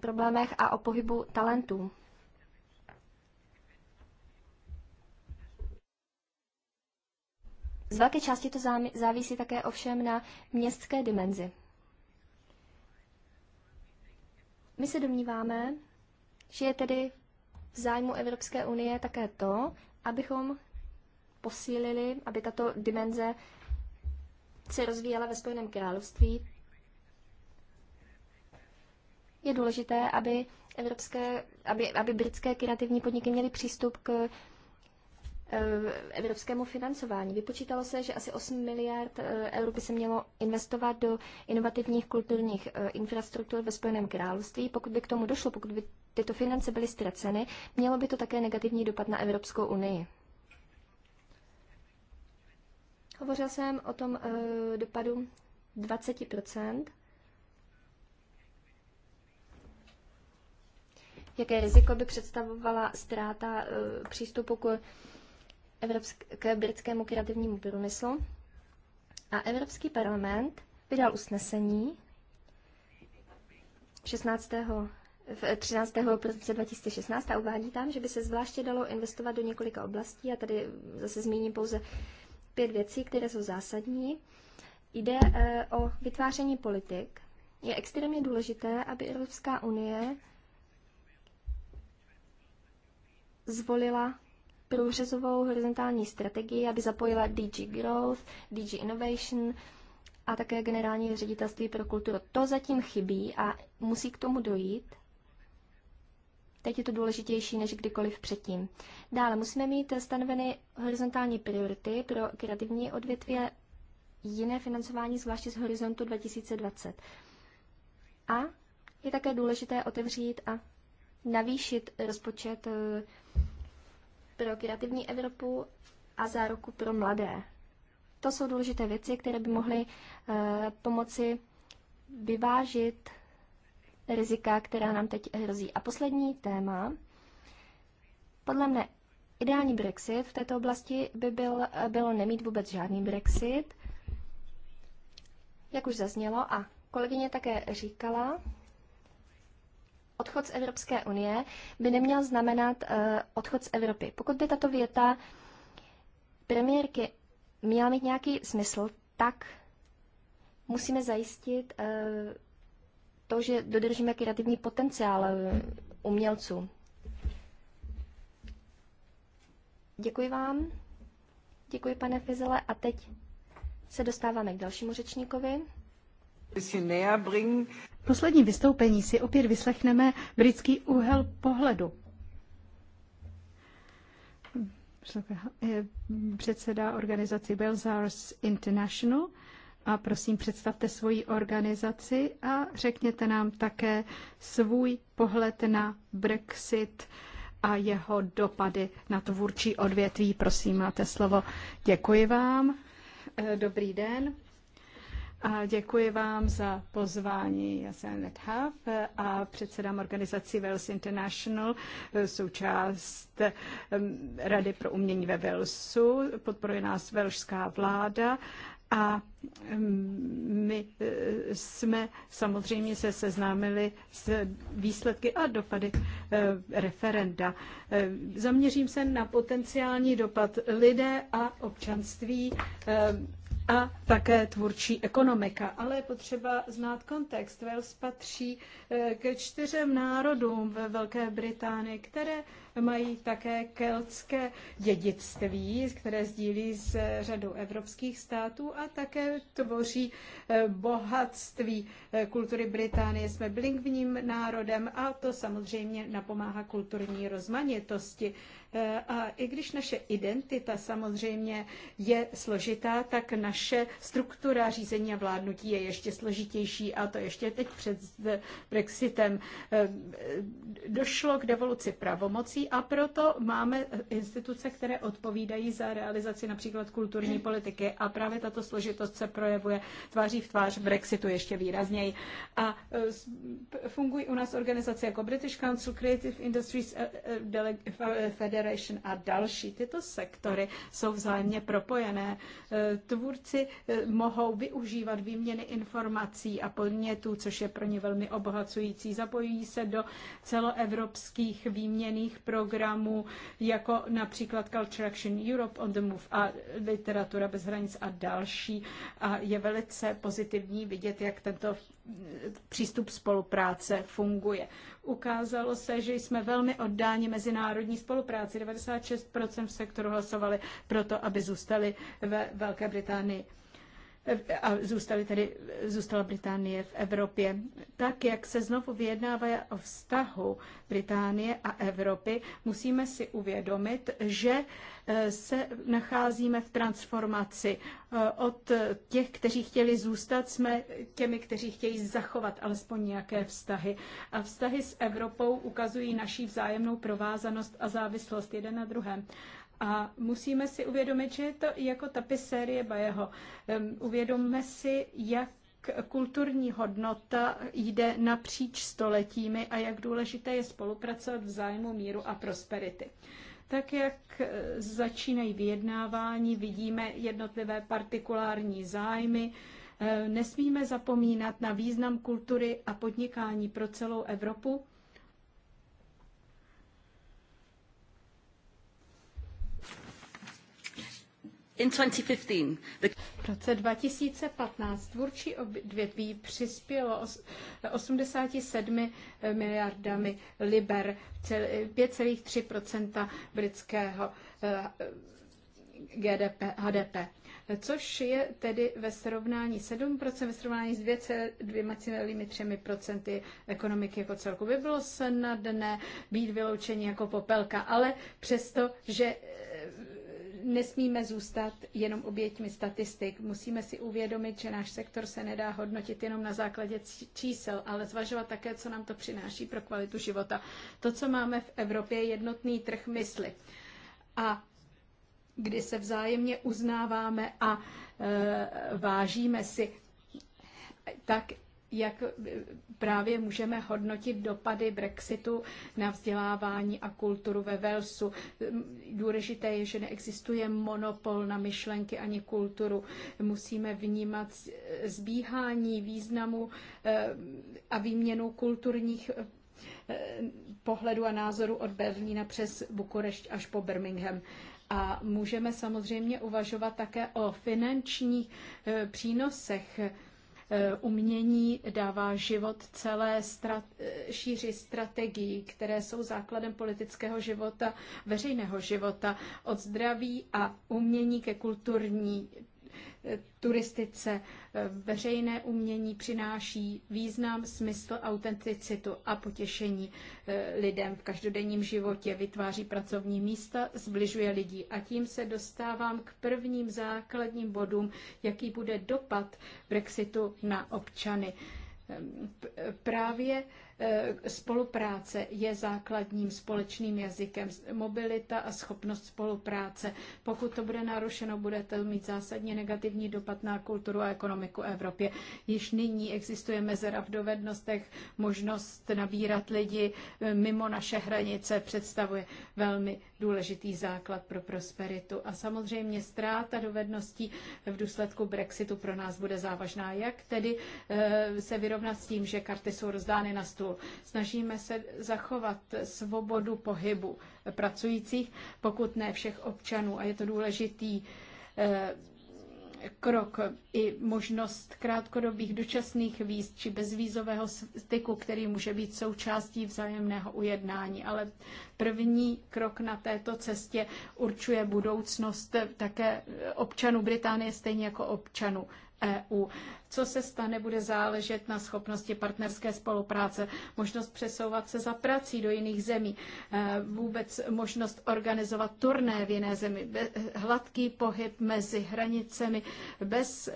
problémech a o pohybu talentů. Z velké části to závisí také ovšem na městské dimenzi. My se domníváme, že je tedy v zájmu Evropské unie také to, abychom posílili, aby tato dimenze se rozvíjela ve Spojeném království. Je důležité, aby, evropské, aby, aby britské kreativní podniky měly přístup k Eh, evropskému financování. Vypočítalo se, že asi 8 miliard eh, eur by se mělo investovat do inovativních kulturních eh, infrastruktur ve Spojeném království. Pokud by k tomu došlo, pokud by tyto finance byly ztraceny, mělo by to také negativní dopad na Evropskou unii. Hovořil jsem o tom dopadu 20 jaké riziko by představovala ztráta přístupu k evropsk- k britskému kreativnímu průmyslu. A Evropský parlament vydal usnesení 16. V 13. prosince 2016 a uvádí tam, že by se zvláště dalo investovat do několika oblastí. A tady zase zmíním pouze pět věcí, které jsou zásadní. Jde e, o vytváření politik. Je extrémně důležité, aby Evropská unie zvolila průřezovou horizontální strategii, aby zapojila DG Growth, DG Innovation a také generální ředitelství pro kulturu. To zatím chybí a musí k tomu dojít. Teď je to důležitější než kdykoliv předtím. Dále musíme mít stanoveny horizontální priority pro kreativní odvětví a jiné financování, zvláště z horizontu 2020. A je také důležité otevřít a navýšit rozpočet eh, pro kreativní Evropu a záruku pro mladé. To jsou důležité věci, které by mohly eh, pomoci vyvážit rizika, která nám teď hrozí. A poslední téma. Podle mne ideální Brexit v této oblasti by byl, eh, bylo nemít vůbec žádný Brexit, jak už zaznělo a kolegyně také říkala, odchod z Evropské unie by neměl znamenat eh, odchod z Evropy. Pokud by tato věta premiérky měla mít nějaký smysl, tak musíme zajistit eh, to, že dodržíme kreativní potenciál eh, umělců. Děkuji vám. Děkuji, pane Fizele. A teď se dostáváme k dalšímu řečníkovi posledním vystoupení si opět vyslechneme britský úhel pohledu. Předseda organizaci Belzars International a prosím představte svoji organizaci a řekněte nám také svůj pohled na Brexit a jeho dopady na tvůrčí odvětví. Prosím, máte slovo. Děkuji vám. Dobrý den. A děkuji vám za pozvání. Já jsem Annette Huff a předsedám organizaci Wales International, součást Rady pro umění ve Walesu. Podporuje nás velšská vláda a my e, jsme samozřejmě se seznámili s výsledky a dopady e, referenda. E, zaměřím se na potenciální dopad lidé a občanství a také tvůrčí ekonomika. Ale je potřeba znát kontext. Wales patří eh, ke čtyřem národům ve Velké Británii, které mají také keltské dědictví, které sdílí s řadou evropských států a také tvoří eh, bohatství eh, kultury Británie. Jsme bilingvním národem a to samozřejmě napomáhá kulturní rozmanitosti. Eh, a i když naše identita samozřejmě je složitá, tak naše struktura řízení a vládnutí je ještě složitější a to ještě teď před Brexitem. Došlo k devoluci pravomocí a proto máme eh, instituce, které odpovídají za realizaci například kulturní politiky a právě tato složitost se projevuje tváří v tvář Brexitu ještě výrazněji. A eh, fungují u nás organizace jako British Council, Creative Industries eh, Federation a další. Tyto sektory jsou vzájemně propojené. Tvůrci mohou využívat výměny informací a podnětů, což je pro ně velmi obohacující. Zapojují se do celoevropských výměných pro Programu jako například Culture Action Europe on the Move a Literatura bez hranic a další. A je velice pozitivní vidět, jak tento přístup spolupráce funguje. Ukázalo se, že jsme velmi oddáni mezinárodní spolupráci. 96% v sektoru hlasovali proto, aby zůstali ve Velké Británii a zůstaly tedy, zůstala Británie v Evropě. Tak, jak se znovu vyjednává o vztahu Británie a Evropy, musíme si uvědomit, že eh, se nacházíme v transformaci. Eh, od těch, kteří chtěli zůstat, jsme těmi, kteří chtějí zachovat alespoň nějaké vztahy. A vztahy s Evropou ukazují naší vzájemnou provázanost a závislost jeden na druhém. A musíme si uvědomit, že je to jako tapisérie Bajeho. Uvědomme si, jak kulturní hodnota jde napříč stoletími a jak důležité je spolupracovat v zájmu míru a prosperity. Tak jak e, začínají vyjednávání, vidíme jednotlivé partikulární zájmy, e, nesmíme zapomínat na význam kultury a podnikání pro celou Evropu In 2015, the... V roce 2015 tvůrčí odvětví přispělo 87 eh, miliardami liber, 5,3 eh, britského eh, GDP, HDP což je tedy ve srovnání 7%, ve srovnání s 2,3% ekonomiky jako celku. By bylo snadné být vyloučení jako popelka, ale přesto, že nesmíme zůstat jenom oběťmi statistik. Musíme si uvědomit, že náš sektor se nedá hodnotit jenom na základě čísel, ale zvažovat také, co nám to přináší pro kvalitu života. To, co máme v Evropě, je jednotný trh mysli. A kdy se vzájemně uznáváme a e, vážíme si, tak jak eh, právě můžeme hodnotit dopady Brexitu na vzdělávání a kulturu ve Velsu. Důležité je, že neexistuje monopol na myšlenky ani kulturu. Musíme vnímat eh, zbíhání významu eh, a výměnu kulturních pohledu a názoru od Berlína přes Bukurešť až po Birmingham. A můžeme samozřejmě uvažovat také o finančních přínosech Eh, umění dává život celé strat, eh, šíři strategií, které jsou základem politického života, veřejného života, od zdraví a umění ke kulturní turistice. Veřejné umění přináší význam, smysl, autenticitu a potěšení eh, lidem v každodenním životě. Vytváří pracovní místa, zbližuje lidí A tím se dostávám k prvním základním bodům, jaký bude dopad Brexitu na občany. Ehm, právě Eh, spolupráce je základním společným jazykem. Mobilita a schopnost spolupráce. Pokud to bude narušeno, bude to mít zásadně negativní dopad na kulturu a ekonomiku Evropě. Již nyní existuje mezera v dovednostech, možnost nabírat lidi eh, mimo naše hranice představuje velmi důležitý základ pro prosperitu. A samozřejmě ztráta dovedností v důsledku Brexitu pro nás bude závažná. Jak tedy eh, se vyrovnat s tím, že karty jsou rozdány na stůl? průmyslu. Snažíme se zachovat svobodu pohybu pracujících, pokud ne všech občanů. A je to důležitý eh, krok i možnost krátkodobých dočasných výst či bezvízového styku, který může být součástí vzájemného ujednání. Ale první krok na této cestě určuje budoucnost také občanů Británie, stejně jako občanů EU. Co se stane, bude záležet na schopnosti partnerské spolupráce, možnost přesouvat se za prací do jiných zemí, e, vůbec možnost organizovat turné v jiné zemi, hladký pohyb mezi hranicemi bez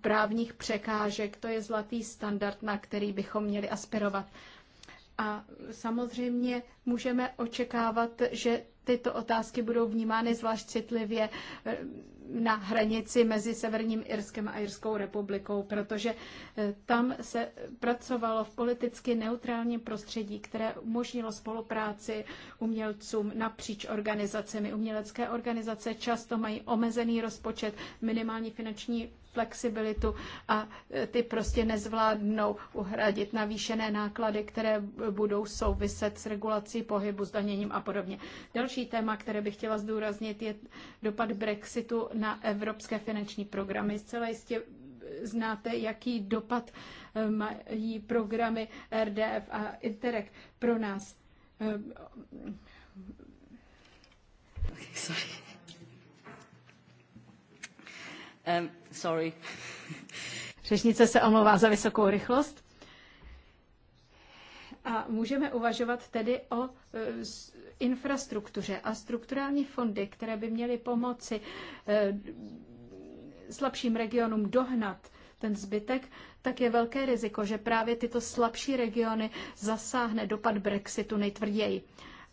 právních překážek. To je zlatý standard, na který bychom měli aspirovat. A samozřejmě můžeme očekávat, že tyto otázky budou vnímány zvlášť citlivě eh, na hranici mezi Severním Irskem a Irskou republikou, protože eh, tam se pracovalo v politicky neutrálním prostředí, které umožnilo spolupráci umělcům napříč organizacemi. Umělecké organizace často mají omezený rozpočet, minimální finanční flexibilitu a e, ty prostě nezvládnou uhradit navýšené náklady, které budou souviset s regulací pohybu, zdaněním a podobně. Další téma, které bych chtěla zdůraznit, je dopad Brexitu na evropské finanční programy. Zcela jistě znáte, jaký dopad e, mají programy RDF a Interreg pro nás. E, sorry. Um, sorry. Řešnice se omlouvá za vysokou rychlost. A můžeme uvažovat tedy o e, infrastruktuře a strukturální fondy, které by měly pomoci e, slabším regionům dohnat ten zbytek, tak je velké riziko, že právě tyto slabší regiony zasáhne dopad Brexitu nejtvrději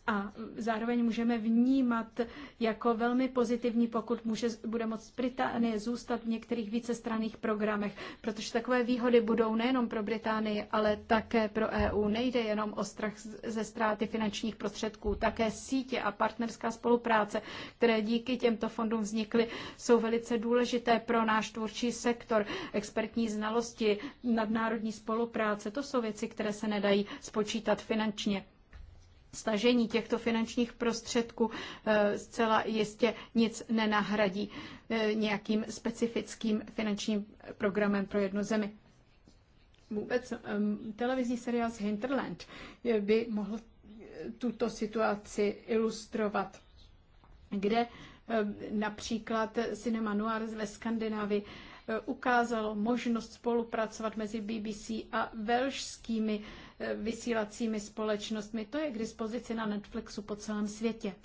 a zároveň můžeme vnímat jako velmi pozitivní, pokud může, bude moc Británie zůstat v některých vícestranných programech, protože takové výhody budou nejenom pro Británii, ale také pro EU. Nejde jenom o strach ze ztráty finančních prostředků, také sítě a partnerská spolupráce, které díky těmto fondům vznikly, jsou velice důležité pro náš tvůrčí sektor, expertní znalosti, nadnárodní spolupráce. To jsou věci, které se nedají spočítat finančně stažení těchto finančních prostředků eh, zcela jistě nic nenahradí eh, nějakým specifickým finančním programem pro jednu zemi. Vůbec ehm, televizní seriál z Hinterland eh, by mohl tuto situaci ilustrovat, kde ehm, například Cinema Noir ve Skandinávii ukázalo možnost spolupracovat mezi BBC a velšskými uh, vysílacími společnostmi. To je k dispozici na Netflixu po celém světě.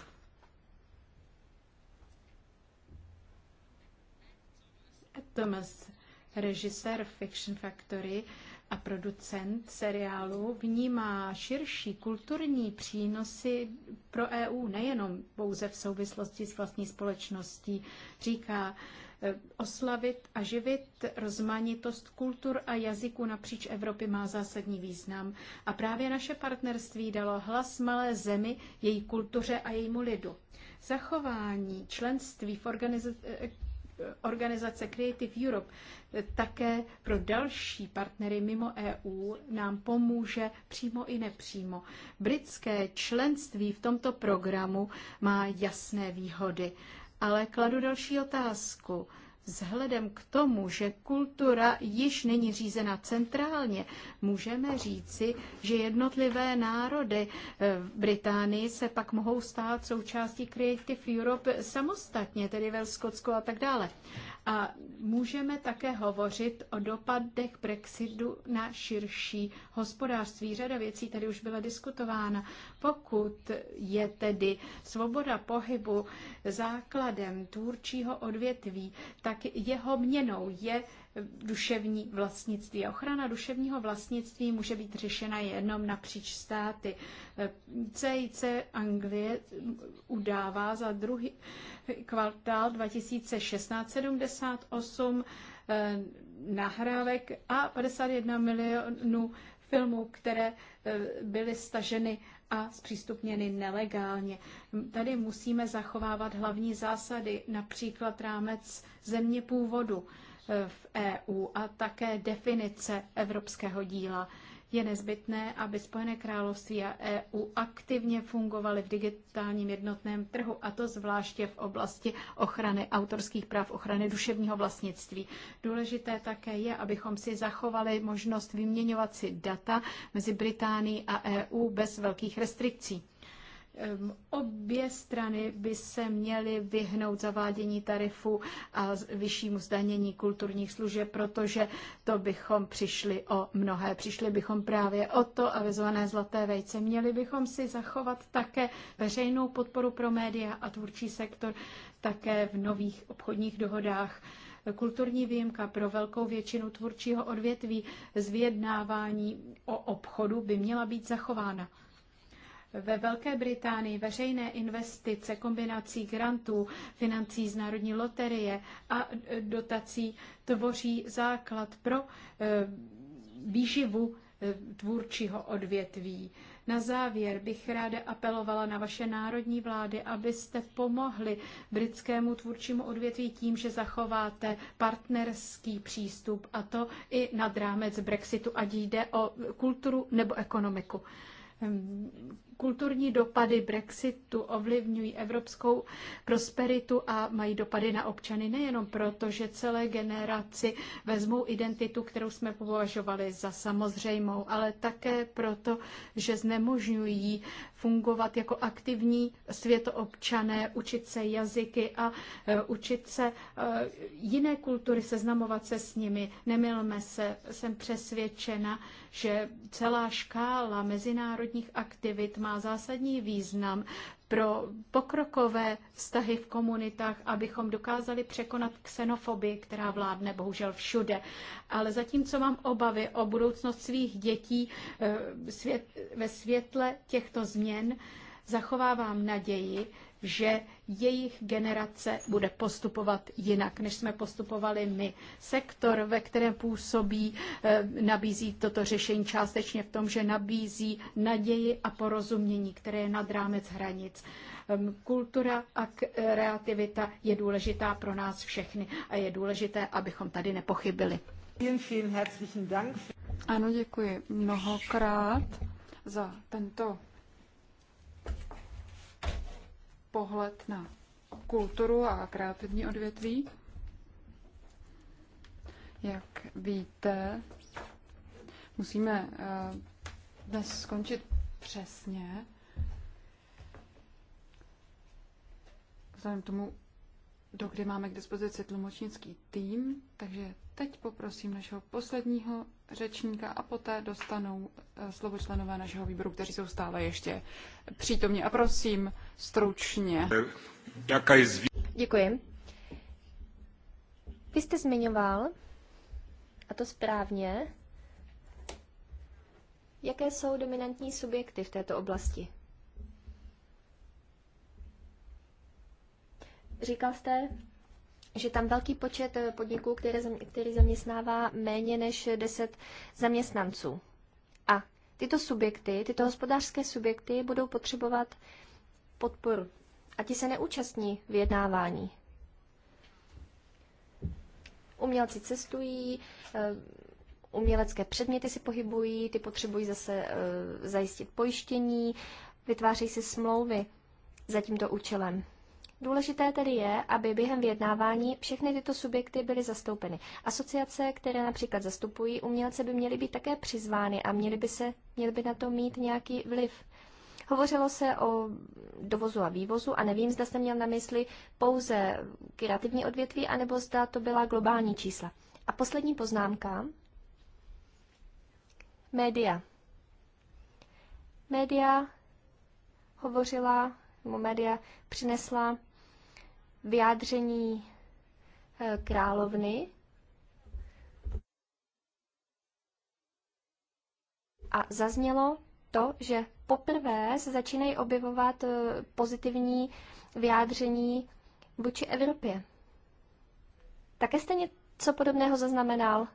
Thomas, režisér Fiction Factory a producent seriálu, vnímá širší kulturní přínosy pro EU, nejenom pouze v souvislosti s vlastní společností. Říká, Eh, oslavit a živit rozmanitost kultur a jazyků napříč Evropy má zásadní význam. A právě naše partnerství dalo hlas malé zemi, její kultuře a jejímu lidu. Zachování členství v organizaci eh, organizace Creative Europe eh, také pro další partnery mimo EU nám pomůže přímo i nepřímo. Britské členství v tomto programu má jasné výhody ale kladu další otázku. Vzhledem k tomu, že kultura již není řízena centrálně, můžeme říci, že jednotlivé národy eh, v Británii se pak mohou stát součástí Creative Europe samostatně, tedy Velskotsko a tak dále. A můžeme také hovořit o dopadech Brexitu na širší hospodářství. Řada věcí tady už byla diskutována. Pokud je tedy svoboda pohybu základem tvůrčího odvětví, tak jeho měnou je duševní vlastnictví. A ochrana duševního vlastnictví může být řešena jenom napříč státy. CIC Anglie udává za druhý, kvartál 2016 78 eh, nahrávek a 51 milionů filmů, které eh, byly staženy a zpřístupněny nelegálně. Tady musíme zachovávat hlavní zásady, například rámec země původu eh, v EU a také definice evropského díla je nezbytné, aby Spojené království a EU aktivně fungovaly v digitálním jednotném trhu, a to zvláště v oblasti ochrany autorských práv, ochrany duševního vlastnictví. Důležité také je, abychom si zachovali možnost vyměňovat si data mezi Británií a EU bez velkých restrikcí. Ehm, obě strany by se měly vyhnout zavádění tarifu a vyššímu zdanění kulturních služeb, protože to bychom přišli o mnohé. Přišli bychom právě o to a vyzvané zlaté vejce. Měli bychom si zachovat také veřejnou podporu pro média a tvůrčí sektor také v nových obchodních dohodách kulturní výjimka pro velkou většinu tvůrčího odvětví z vyjednávání o obchodu by měla být zachována. Ve Velké Británii veřejné investice kombinací grantů, financí z Národní loterie a e, dotací tvoří základ pro e, výživu e, tvůrčího odvětví. Na závěr bych ráda apelovala na vaše národní vlády, abyste pomohli britskému tvůrčímu odvětví tím, že zachováte partnerský přístup a to i nad rámec Brexitu, ať jde o kulturu nebo ekonomiku. Ehm, kulturní dopady Brexitu ovlivňují evropskou prosperitu a mají dopady na občany nejenom proto, že celé generaci vezmou identitu, kterou jsme považovali za samozřejmou, ale také proto, že znemožňují fungovat jako aktivní světoobčané, učit se jazyky a e, učit se e, jiné kultury, seznamovat se s nimi. Nemilme se, jsem přesvědčena, že celá škála mezinárodních aktivit má zásadní význam pro pokrokové vztahy v komunitách, abychom dokázali překonat xenofobii, která vládne bohužel všude. Ale zatímco mám obavy o budoucnost svých dětí eh, svět, ve světle těchto změn, zachovávám naději, že jejich generace bude postupovat jinak, než jsme postupovali my. Sektor, ve kterém působí, eh, nabízí toto řešení částečně v tom, že nabízí naději a porozumění, které je nad rámec hranic. Ehm, kultura a kreativita je důležitá pro nás všechny a je důležité, abychom tady nepochybili. Ano, děkuji mnohokrát za tento pohled na kulturu a kreativní odvětví. Jak víte, musíme eh, dnes skončit přesně. Vzhledem tomu, tomu, dokdy máme k dispozici tlumočnický tým, takže teď poprosím našeho posledního řečníka a poté dostanou eh, slovo členové našeho výboru, kteří jsou stále ještě přítomní. A prosím, stručně. Děkuji. Vy jste zmiňoval, a to správně, jaké jsou dominantní subjekty v této oblasti. Říkal jste, že tam velký počet eh, podniků, které, který zaměstnává méně než 10 zaměstnanců. A tyto subjekty, tyto hospodářské subjekty budou potřebovat podporu. A ti se neúčastní vyjednávání. Umělci cestují, eh, umělecké předměty si pohybují, ty potřebují zase eh, zajistit pojištění, vytvářejí si smlouvy za tímto účelem. Důležité tedy je, aby během vyjednávání všechny tyto subjekty byly zastoupeny. Asociace, které například zastupují umělce, by měly být také přizvány a měly by, se, měly by na to mít nějaký vliv. Hovořilo se o dovozu a vývozu a nevím, zda jste měl na mysli pouze kreativní odvětví, anebo zda to byla globální čísla. A poslední poznámka. Média. Média hovořila, nebo média přinesla vyjádření eh, královny a zaznělo to, že poprvé se začínají objevovat eh, pozitivní vyjádření vůči Evropě. Také jste něco podobného zaznamenal?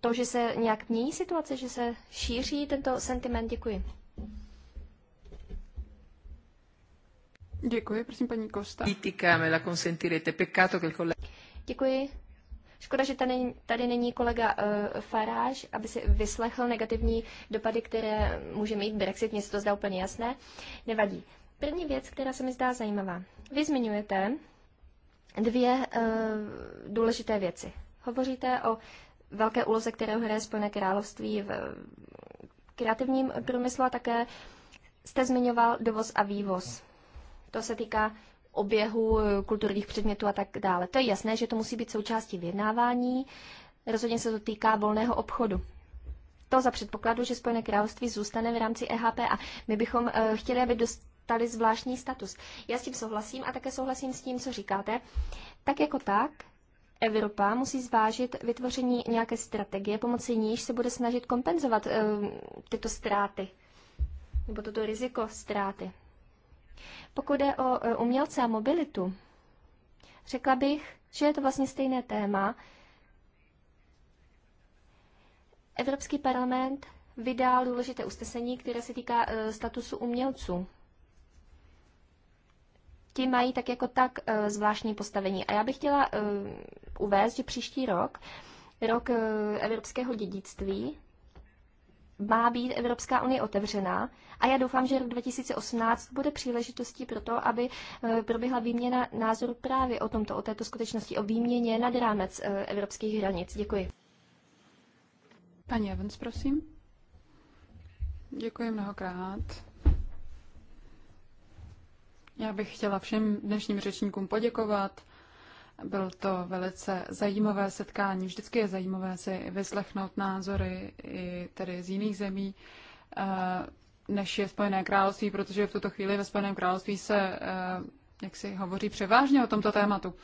To, že se nějak mění situace, že se šíří tento sentiment? Děkuji. Děkuji, prosím paní Kosta. me la consentirete. Peccato che il collega... Děkuji. Škoda, že tady, tady není kolega uh, aby si vyslechl negativní dopady, které může mít Brexit. Mně se to zdá úplně jasné. Nevadí. První věc, která se mi zdá zajímavá. Vy zmiňujete dvě uh, důležité věci. Hovoříte o velké úloze, kterou hraje Spojené království v eh, kreativním průmyslu a také jste zmiňoval dovoz a vývoz. To se týká oběhu eh, kulturních předmětů a tak dále. To je jasné, že to musí být součástí vyjednávání. Rozhodně se to týká volného obchodu. To za předpokladu, že Spojené království zůstane v rámci EHP a my bychom eh, chtěli, aby dostali zvláštní status. Já s tím souhlasím a také souhlasím s tím, co říkáte. Tak jako tak, Evropa musí zvážit vytvoření nějaké strategie, pomocí níž se bude snažit kompenzovat eh, tyto ztráty nebo toto riziko ztráty. Pokud jde o e, umělce a mobilitu, řekla bych, že je to vlastně stejné téma. Evropský parlament vydal důležité usnesení, které se týká e, statusu umělců. Ti mají tak jako tak e, zvláštní postavení. A já bych chtěla uvést, že příští rok, rok evropského dědictví, má být Evropská unie otevřená a já doufám, že rok 2018 bude příležitostí pro to, aby eh, proběhla výměna názoru právě o tomto, o této skutečnosti, o výměně nad rámec eh, evropských hranic. Děkuji. Paní Evans, prosím. Děkuji mnohokrát. Já bych chtěla všem dnešním řečníkům poděkovat bylo to velice zajímavé setkání. Vždycky je zajímavé si vyslechnout názory i tedy z jiných zemí, eh, než je Spojené království, protože v tuto chvíli ve Spojeném království se eh, jak si hovoří převážně o tomto tématu.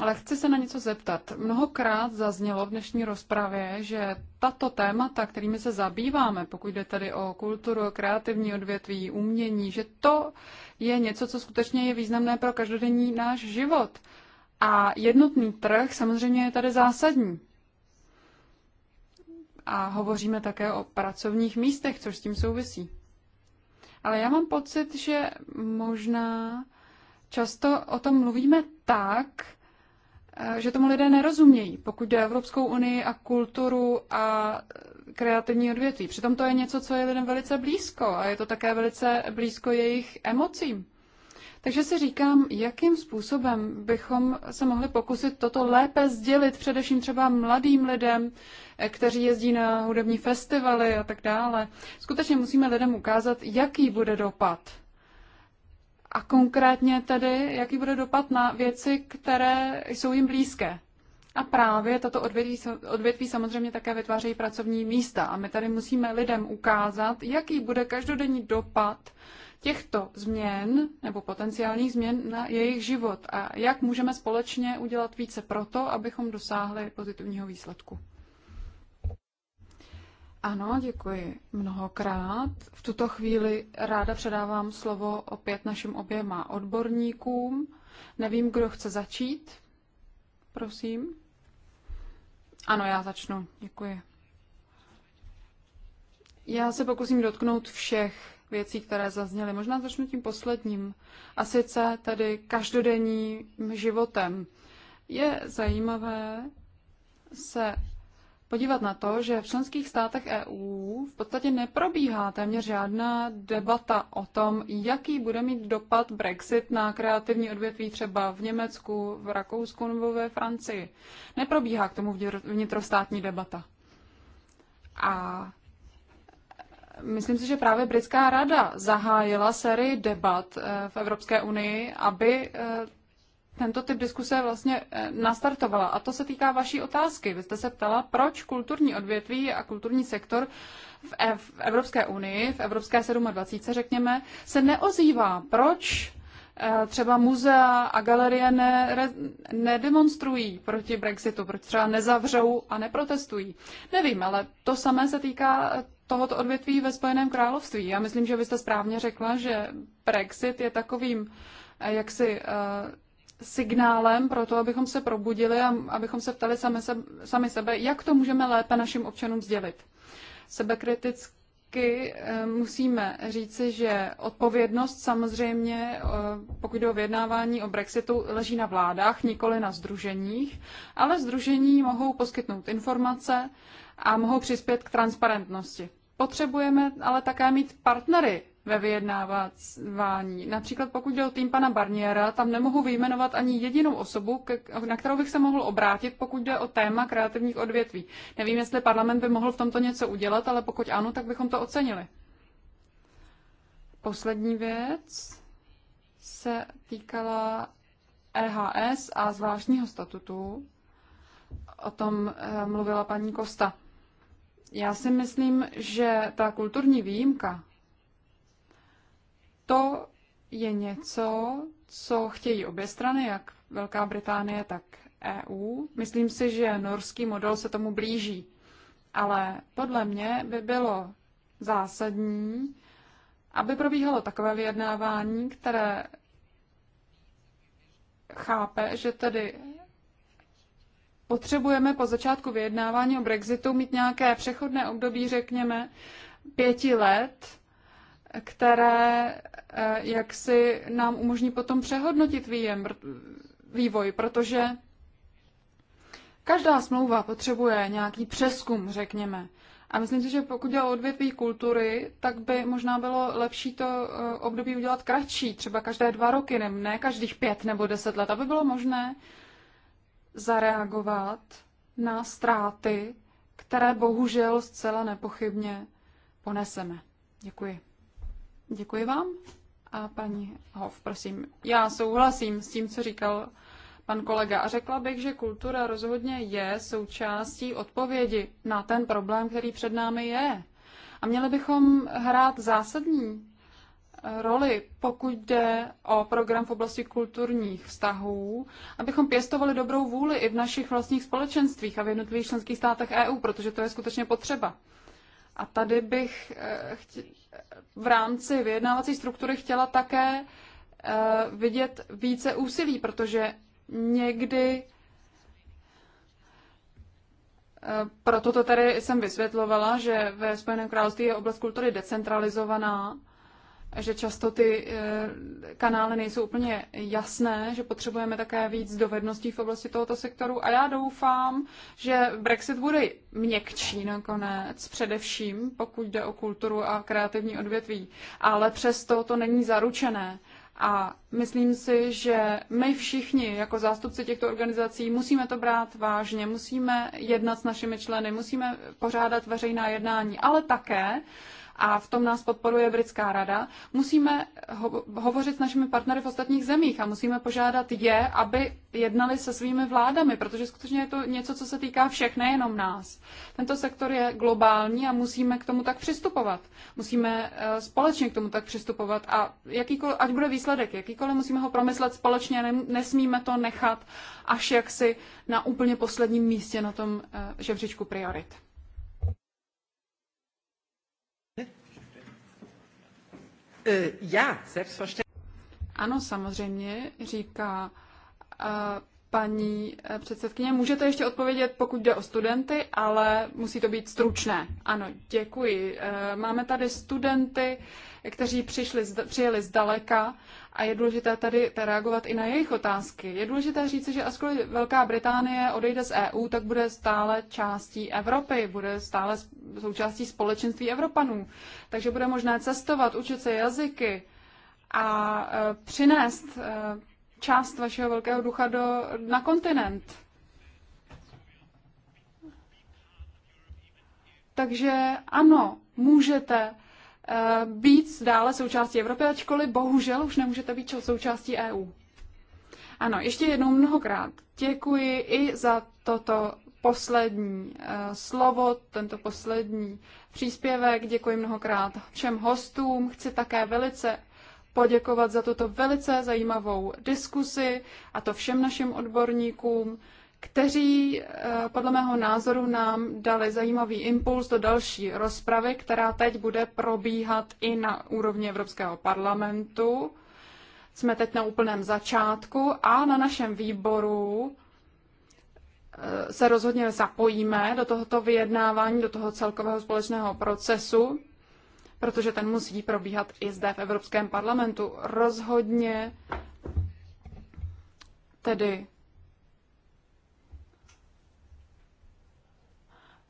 Ale chci se na něco zeptat. Mnohokrát zaznělo v dnešní rozpravě, že tato témata, kterými se zabýváme, pokud jde tady o kulturu, kreativní odvětví, umění, že to je něco, co skutečně je významné pro každodenní náš život. A jednotný trh samozřejmě je tady zásadní. A hovoříme také o pracovních místech, což s tím souvisí. Ale já mám pocit, že možná často o tom mluvíme tak, eh, že tomu lidé nerozumějí, pokud jde Evropskou unii a kulturu a kreativní odvětví. Přitom to je něco, co je lidem velice blízko a je to také velice blízko jejich emocím. Takže si říkám, jakým způsobem bychom se mohli pokusit toto lépe sdělit, především třeba mladým lidem, eh, kteří jezdí na hudební festivaly a tak dále. Skutečně musíme lidem ukázat, jaký bude dopad. A konkrétně tedy, jaký bude dopad na věci, které jsou jim blízké. A právě tato odvětví, odvětví samozřejmě také vytvářejí pracovní místa. A my tady musíme lidem ukázat, jaký bude každodenní dopad uh, těchto změn nebo potenciálních změn na jejich život a jak můžeme společně udělat více pro to, abychom dosáhli pozitivního výsledku. Ano, děkuji mnohokrát. V tuto chvíli ráda předávám slovo opět našim oběma odborníkům. Nevím, kdo chce začít. Prosím. Ano, já začnu. Děkuji. Já se pokusím dotknout všech věcí, které zazněly. Možná začnu tím posledním. A sice tedy každodenním životem. Je zajímavé se podívat na to, že v členských státech EU v podstatě neprobíhá téměř žádná debata o tom, jaký bude mít dopad Brexit na kreativní odvětví třeba v Německu, v Rakousku nebo ve Francii. Neprobíhá k tomu vnitrostátní debata. A Myslím si, že právě Britská rada zahájila sérii debat eh, v Evropské unii, aby eh, tento typ diskuse vlastně eh, nastartovala. A to se týká vaší otázky. Vy jste se ptala, proč kulturní odvětví a kulturní sektor v, Evropské unii, v Evropské 27, řekněme, se neozývá. Proč Eh, třeba muzea a galerie ne, nedemonstrují proti Brexitu, proč třeba nezavřou a neprotestují. Nevím, ale to samé se týká eh, tohoto odvětví ve Spojeném království. Já myslím, že vy jste správně řekla, že Brexit je takovým eh, jaksi signálem pro to, abychom se probudili a abychom se ptali sami sebe, jak to můžeme lépe našim občanům sdělit. Sebekritické taky eh, musíme říci, že odpovědnost samozřejmě, eh, pokud jde o vyjednávání o Brexitu, leží na vládách, nikoli na združeních, ale združení mohou poskytnout informace a mohou přispět k transparentnosti. Potřebujeme ale také mít partnery ve vyjednávání. Například pokud jde o tým pana Barniera, tam nemohu vyjmenovat ani jedinou osobu, na kterou bych se mohl obrátit, pokud jde o téma kreativních odvětví. Nevím, jestli parlament by mohl v tomto něco udělat, ale pokud ano, tak bychom to ocenili. Poslední věc se týkala EHS a zvláštního statutu. O tom eh, mluvila paní Kosta. Já si myslím, že ta kulturní výjimka, to je něco, co chtějí obě strany, jak Velká Británie, tak EU. Myslím si, že norský model se tomu blíží, ale podle mě by bylo zásadní, aby probíhalo takové vyjednávání, které chápe, že tedy potřebujeme po začátku vyjednávání o Brexitu mít nějaké přechodné období, řekněme, pěti let, které eh, jak si nám umožní potom přehodnotit výjem, vývoj, protože každá smlouva potřebuje nějaký přeskum, řekněme. A myslím si, že pokud jde o odvětví kultury, tak by možná bylo lepší to eh, období udělat kratší, třeba každé dva roky, ne, ne každých pět nebo deset let, aby bylo možné zareagovat na ztráty, které bohužel zcela nepochybně poneseme. Děkuji. Děkuji vám. A paní Hov, prosím. Já souhlasím s tím, co říkal pan kolega. A řekla bych, že kultura rozhodně je součástí odpovědi na ten problém, který před námi je. A měli bychom hrát zásadní roli, pokud jde o program v oblasti kulturních vztahů, abychom pěstovali dobrou vůli i v našich vlastních společenstvích a v jednotlivých členských státech EU, protože to je skutečně potřeba. A tady bych eh, v rámci vyjednávací struktury chtěla také eh, vidět více úsilí, protože někdy eh, proto to tady jsem vysvětlovala, že ve Spojeném království je oblast kultury decentralizovaná že často ty eh, kanály nejsou úplně jasné, že potřebujeme také víc dovedností v oblasti tohoto sektoru a já doufám, že Brexit bude měkčí nakonec, především pokud jde o kulturu a kreativní odvětví, ale přesto to není zaručené. A myslím si, že my všichni jako zástupci těchto organizací musíme to brát vážně, musíme jednat s našimi členy, musíme pořádat veřejná jednání, ale také uh, a v tom nás podporuje Britská rada, musíme ho- hovořit s našimi partnery v ostatních zemích a musíme požádat je, aby jednali se svými vládami, protože skutečně je to něco, co se týká všech, nejenom nás. Tento sektor je globální a musíme k tomu tak přistupovat. Musíme eh, společně k tomu tak přistupovat a jakýkoliv, ať bude výsledek, jakýkoliv musíme ho promyslet společně, nesmíme to nechat až jaksi na úplně posledním místě na tom eh, žebříčku priorit. Eh, ano, samozřejmě, říká eh, paní eh, předsedkyně. Můžete ještě odpovědět, pokud jde o studenty, ale musí to být stručné. Ano, děkuji. Eh, máme tady studenty, kteří přišli, přijeli zdaleka a je důležité tady reagovat i na jejich otázky. Je důležité říci, že ačkoliv Velká Británie odejde z EU, tak bude stále částí Evropy, bude stále součástí společenství Evropanů. Takže bude možné cestovat, učit se jazyky a eh, přinést část vašeho velkého ducha do, na kontinent. Takže ano, můžete eh, být dále součástí Evropy, ačkoliv bohužel už nemůžete být součástí EU. Ano, ještě jednou mnohokrát děkuji i za toto poslední eh, slovo, tento poslední příspěvek. Děkuji mnohokrát všem hostům. Chci také velice poděkovat za tuto velice zajímavou diskusi a to všem našim odborníkům, kteří eh, podle mého názoru nám dali zajímavý impuls do další rozpravy, která teď bude probíhat i na úrovni Evropského parlamentu. Jsme teď na úplném začátku a na našem výboru eh, se rozhodně zapojíme do tohoto vyjednávání, do toho celkového společného procesu protože ten musí probíhat i zde v Evropském parlamentu. Rozhodně tedy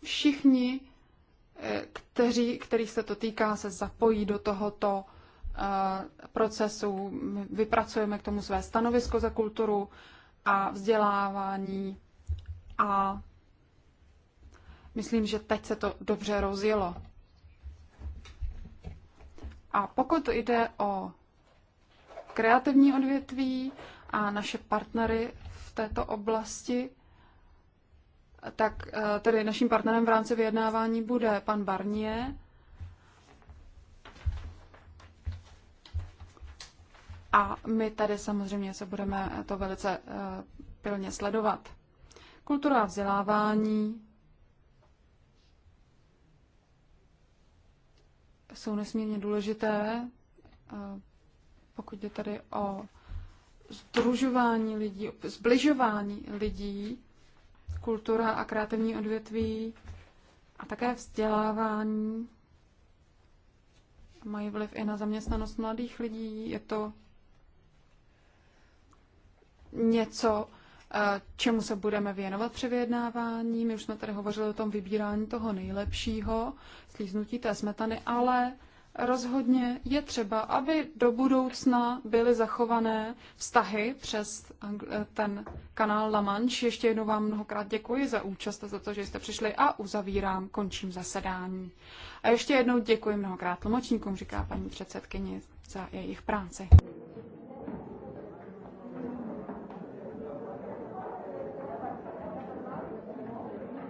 všichni, eh, kteří, kterých se to týká, se zapojí do tohoto eh, procesu. My vypracujeme k tomu své stanovisko za kulturu a vzdělávání a myslím, že teď se to dobře rozjelo. A pokud jde o kreativní odvětví a naše partnery v této oblasti, tak eh, tedy naším partnerem v rámci vyjednávání bude pan Barnier. A my tady samozřejmě se budeme to velice eh, pilně sledovat. Kultura vzdělávání jsou nesmírně důležité, pokud jde tady o združování lidí, zbližování lidí, kultura a kreativní odvětví a také vzdělávání mají vliv i na zaměstnanost mladých lidí. Je to něco, čemu se budeme věnovat při vyjednávání. My už jsme tady hovořili o tom vybírání toho nejlepšího, slíznutí té smetany, ale rozhodně je třeba, aby do budoucna byly zachované vztahy přes eh, ten kanál La Manche. Ještě jednou vám mnohokrát děkuji za účast a za to, že jste přišli a uzavírám, končím zasedání. A ještě jednou děkuji mnohokrát tlumočníkům, říká paní předsedkyně, za jejich práci.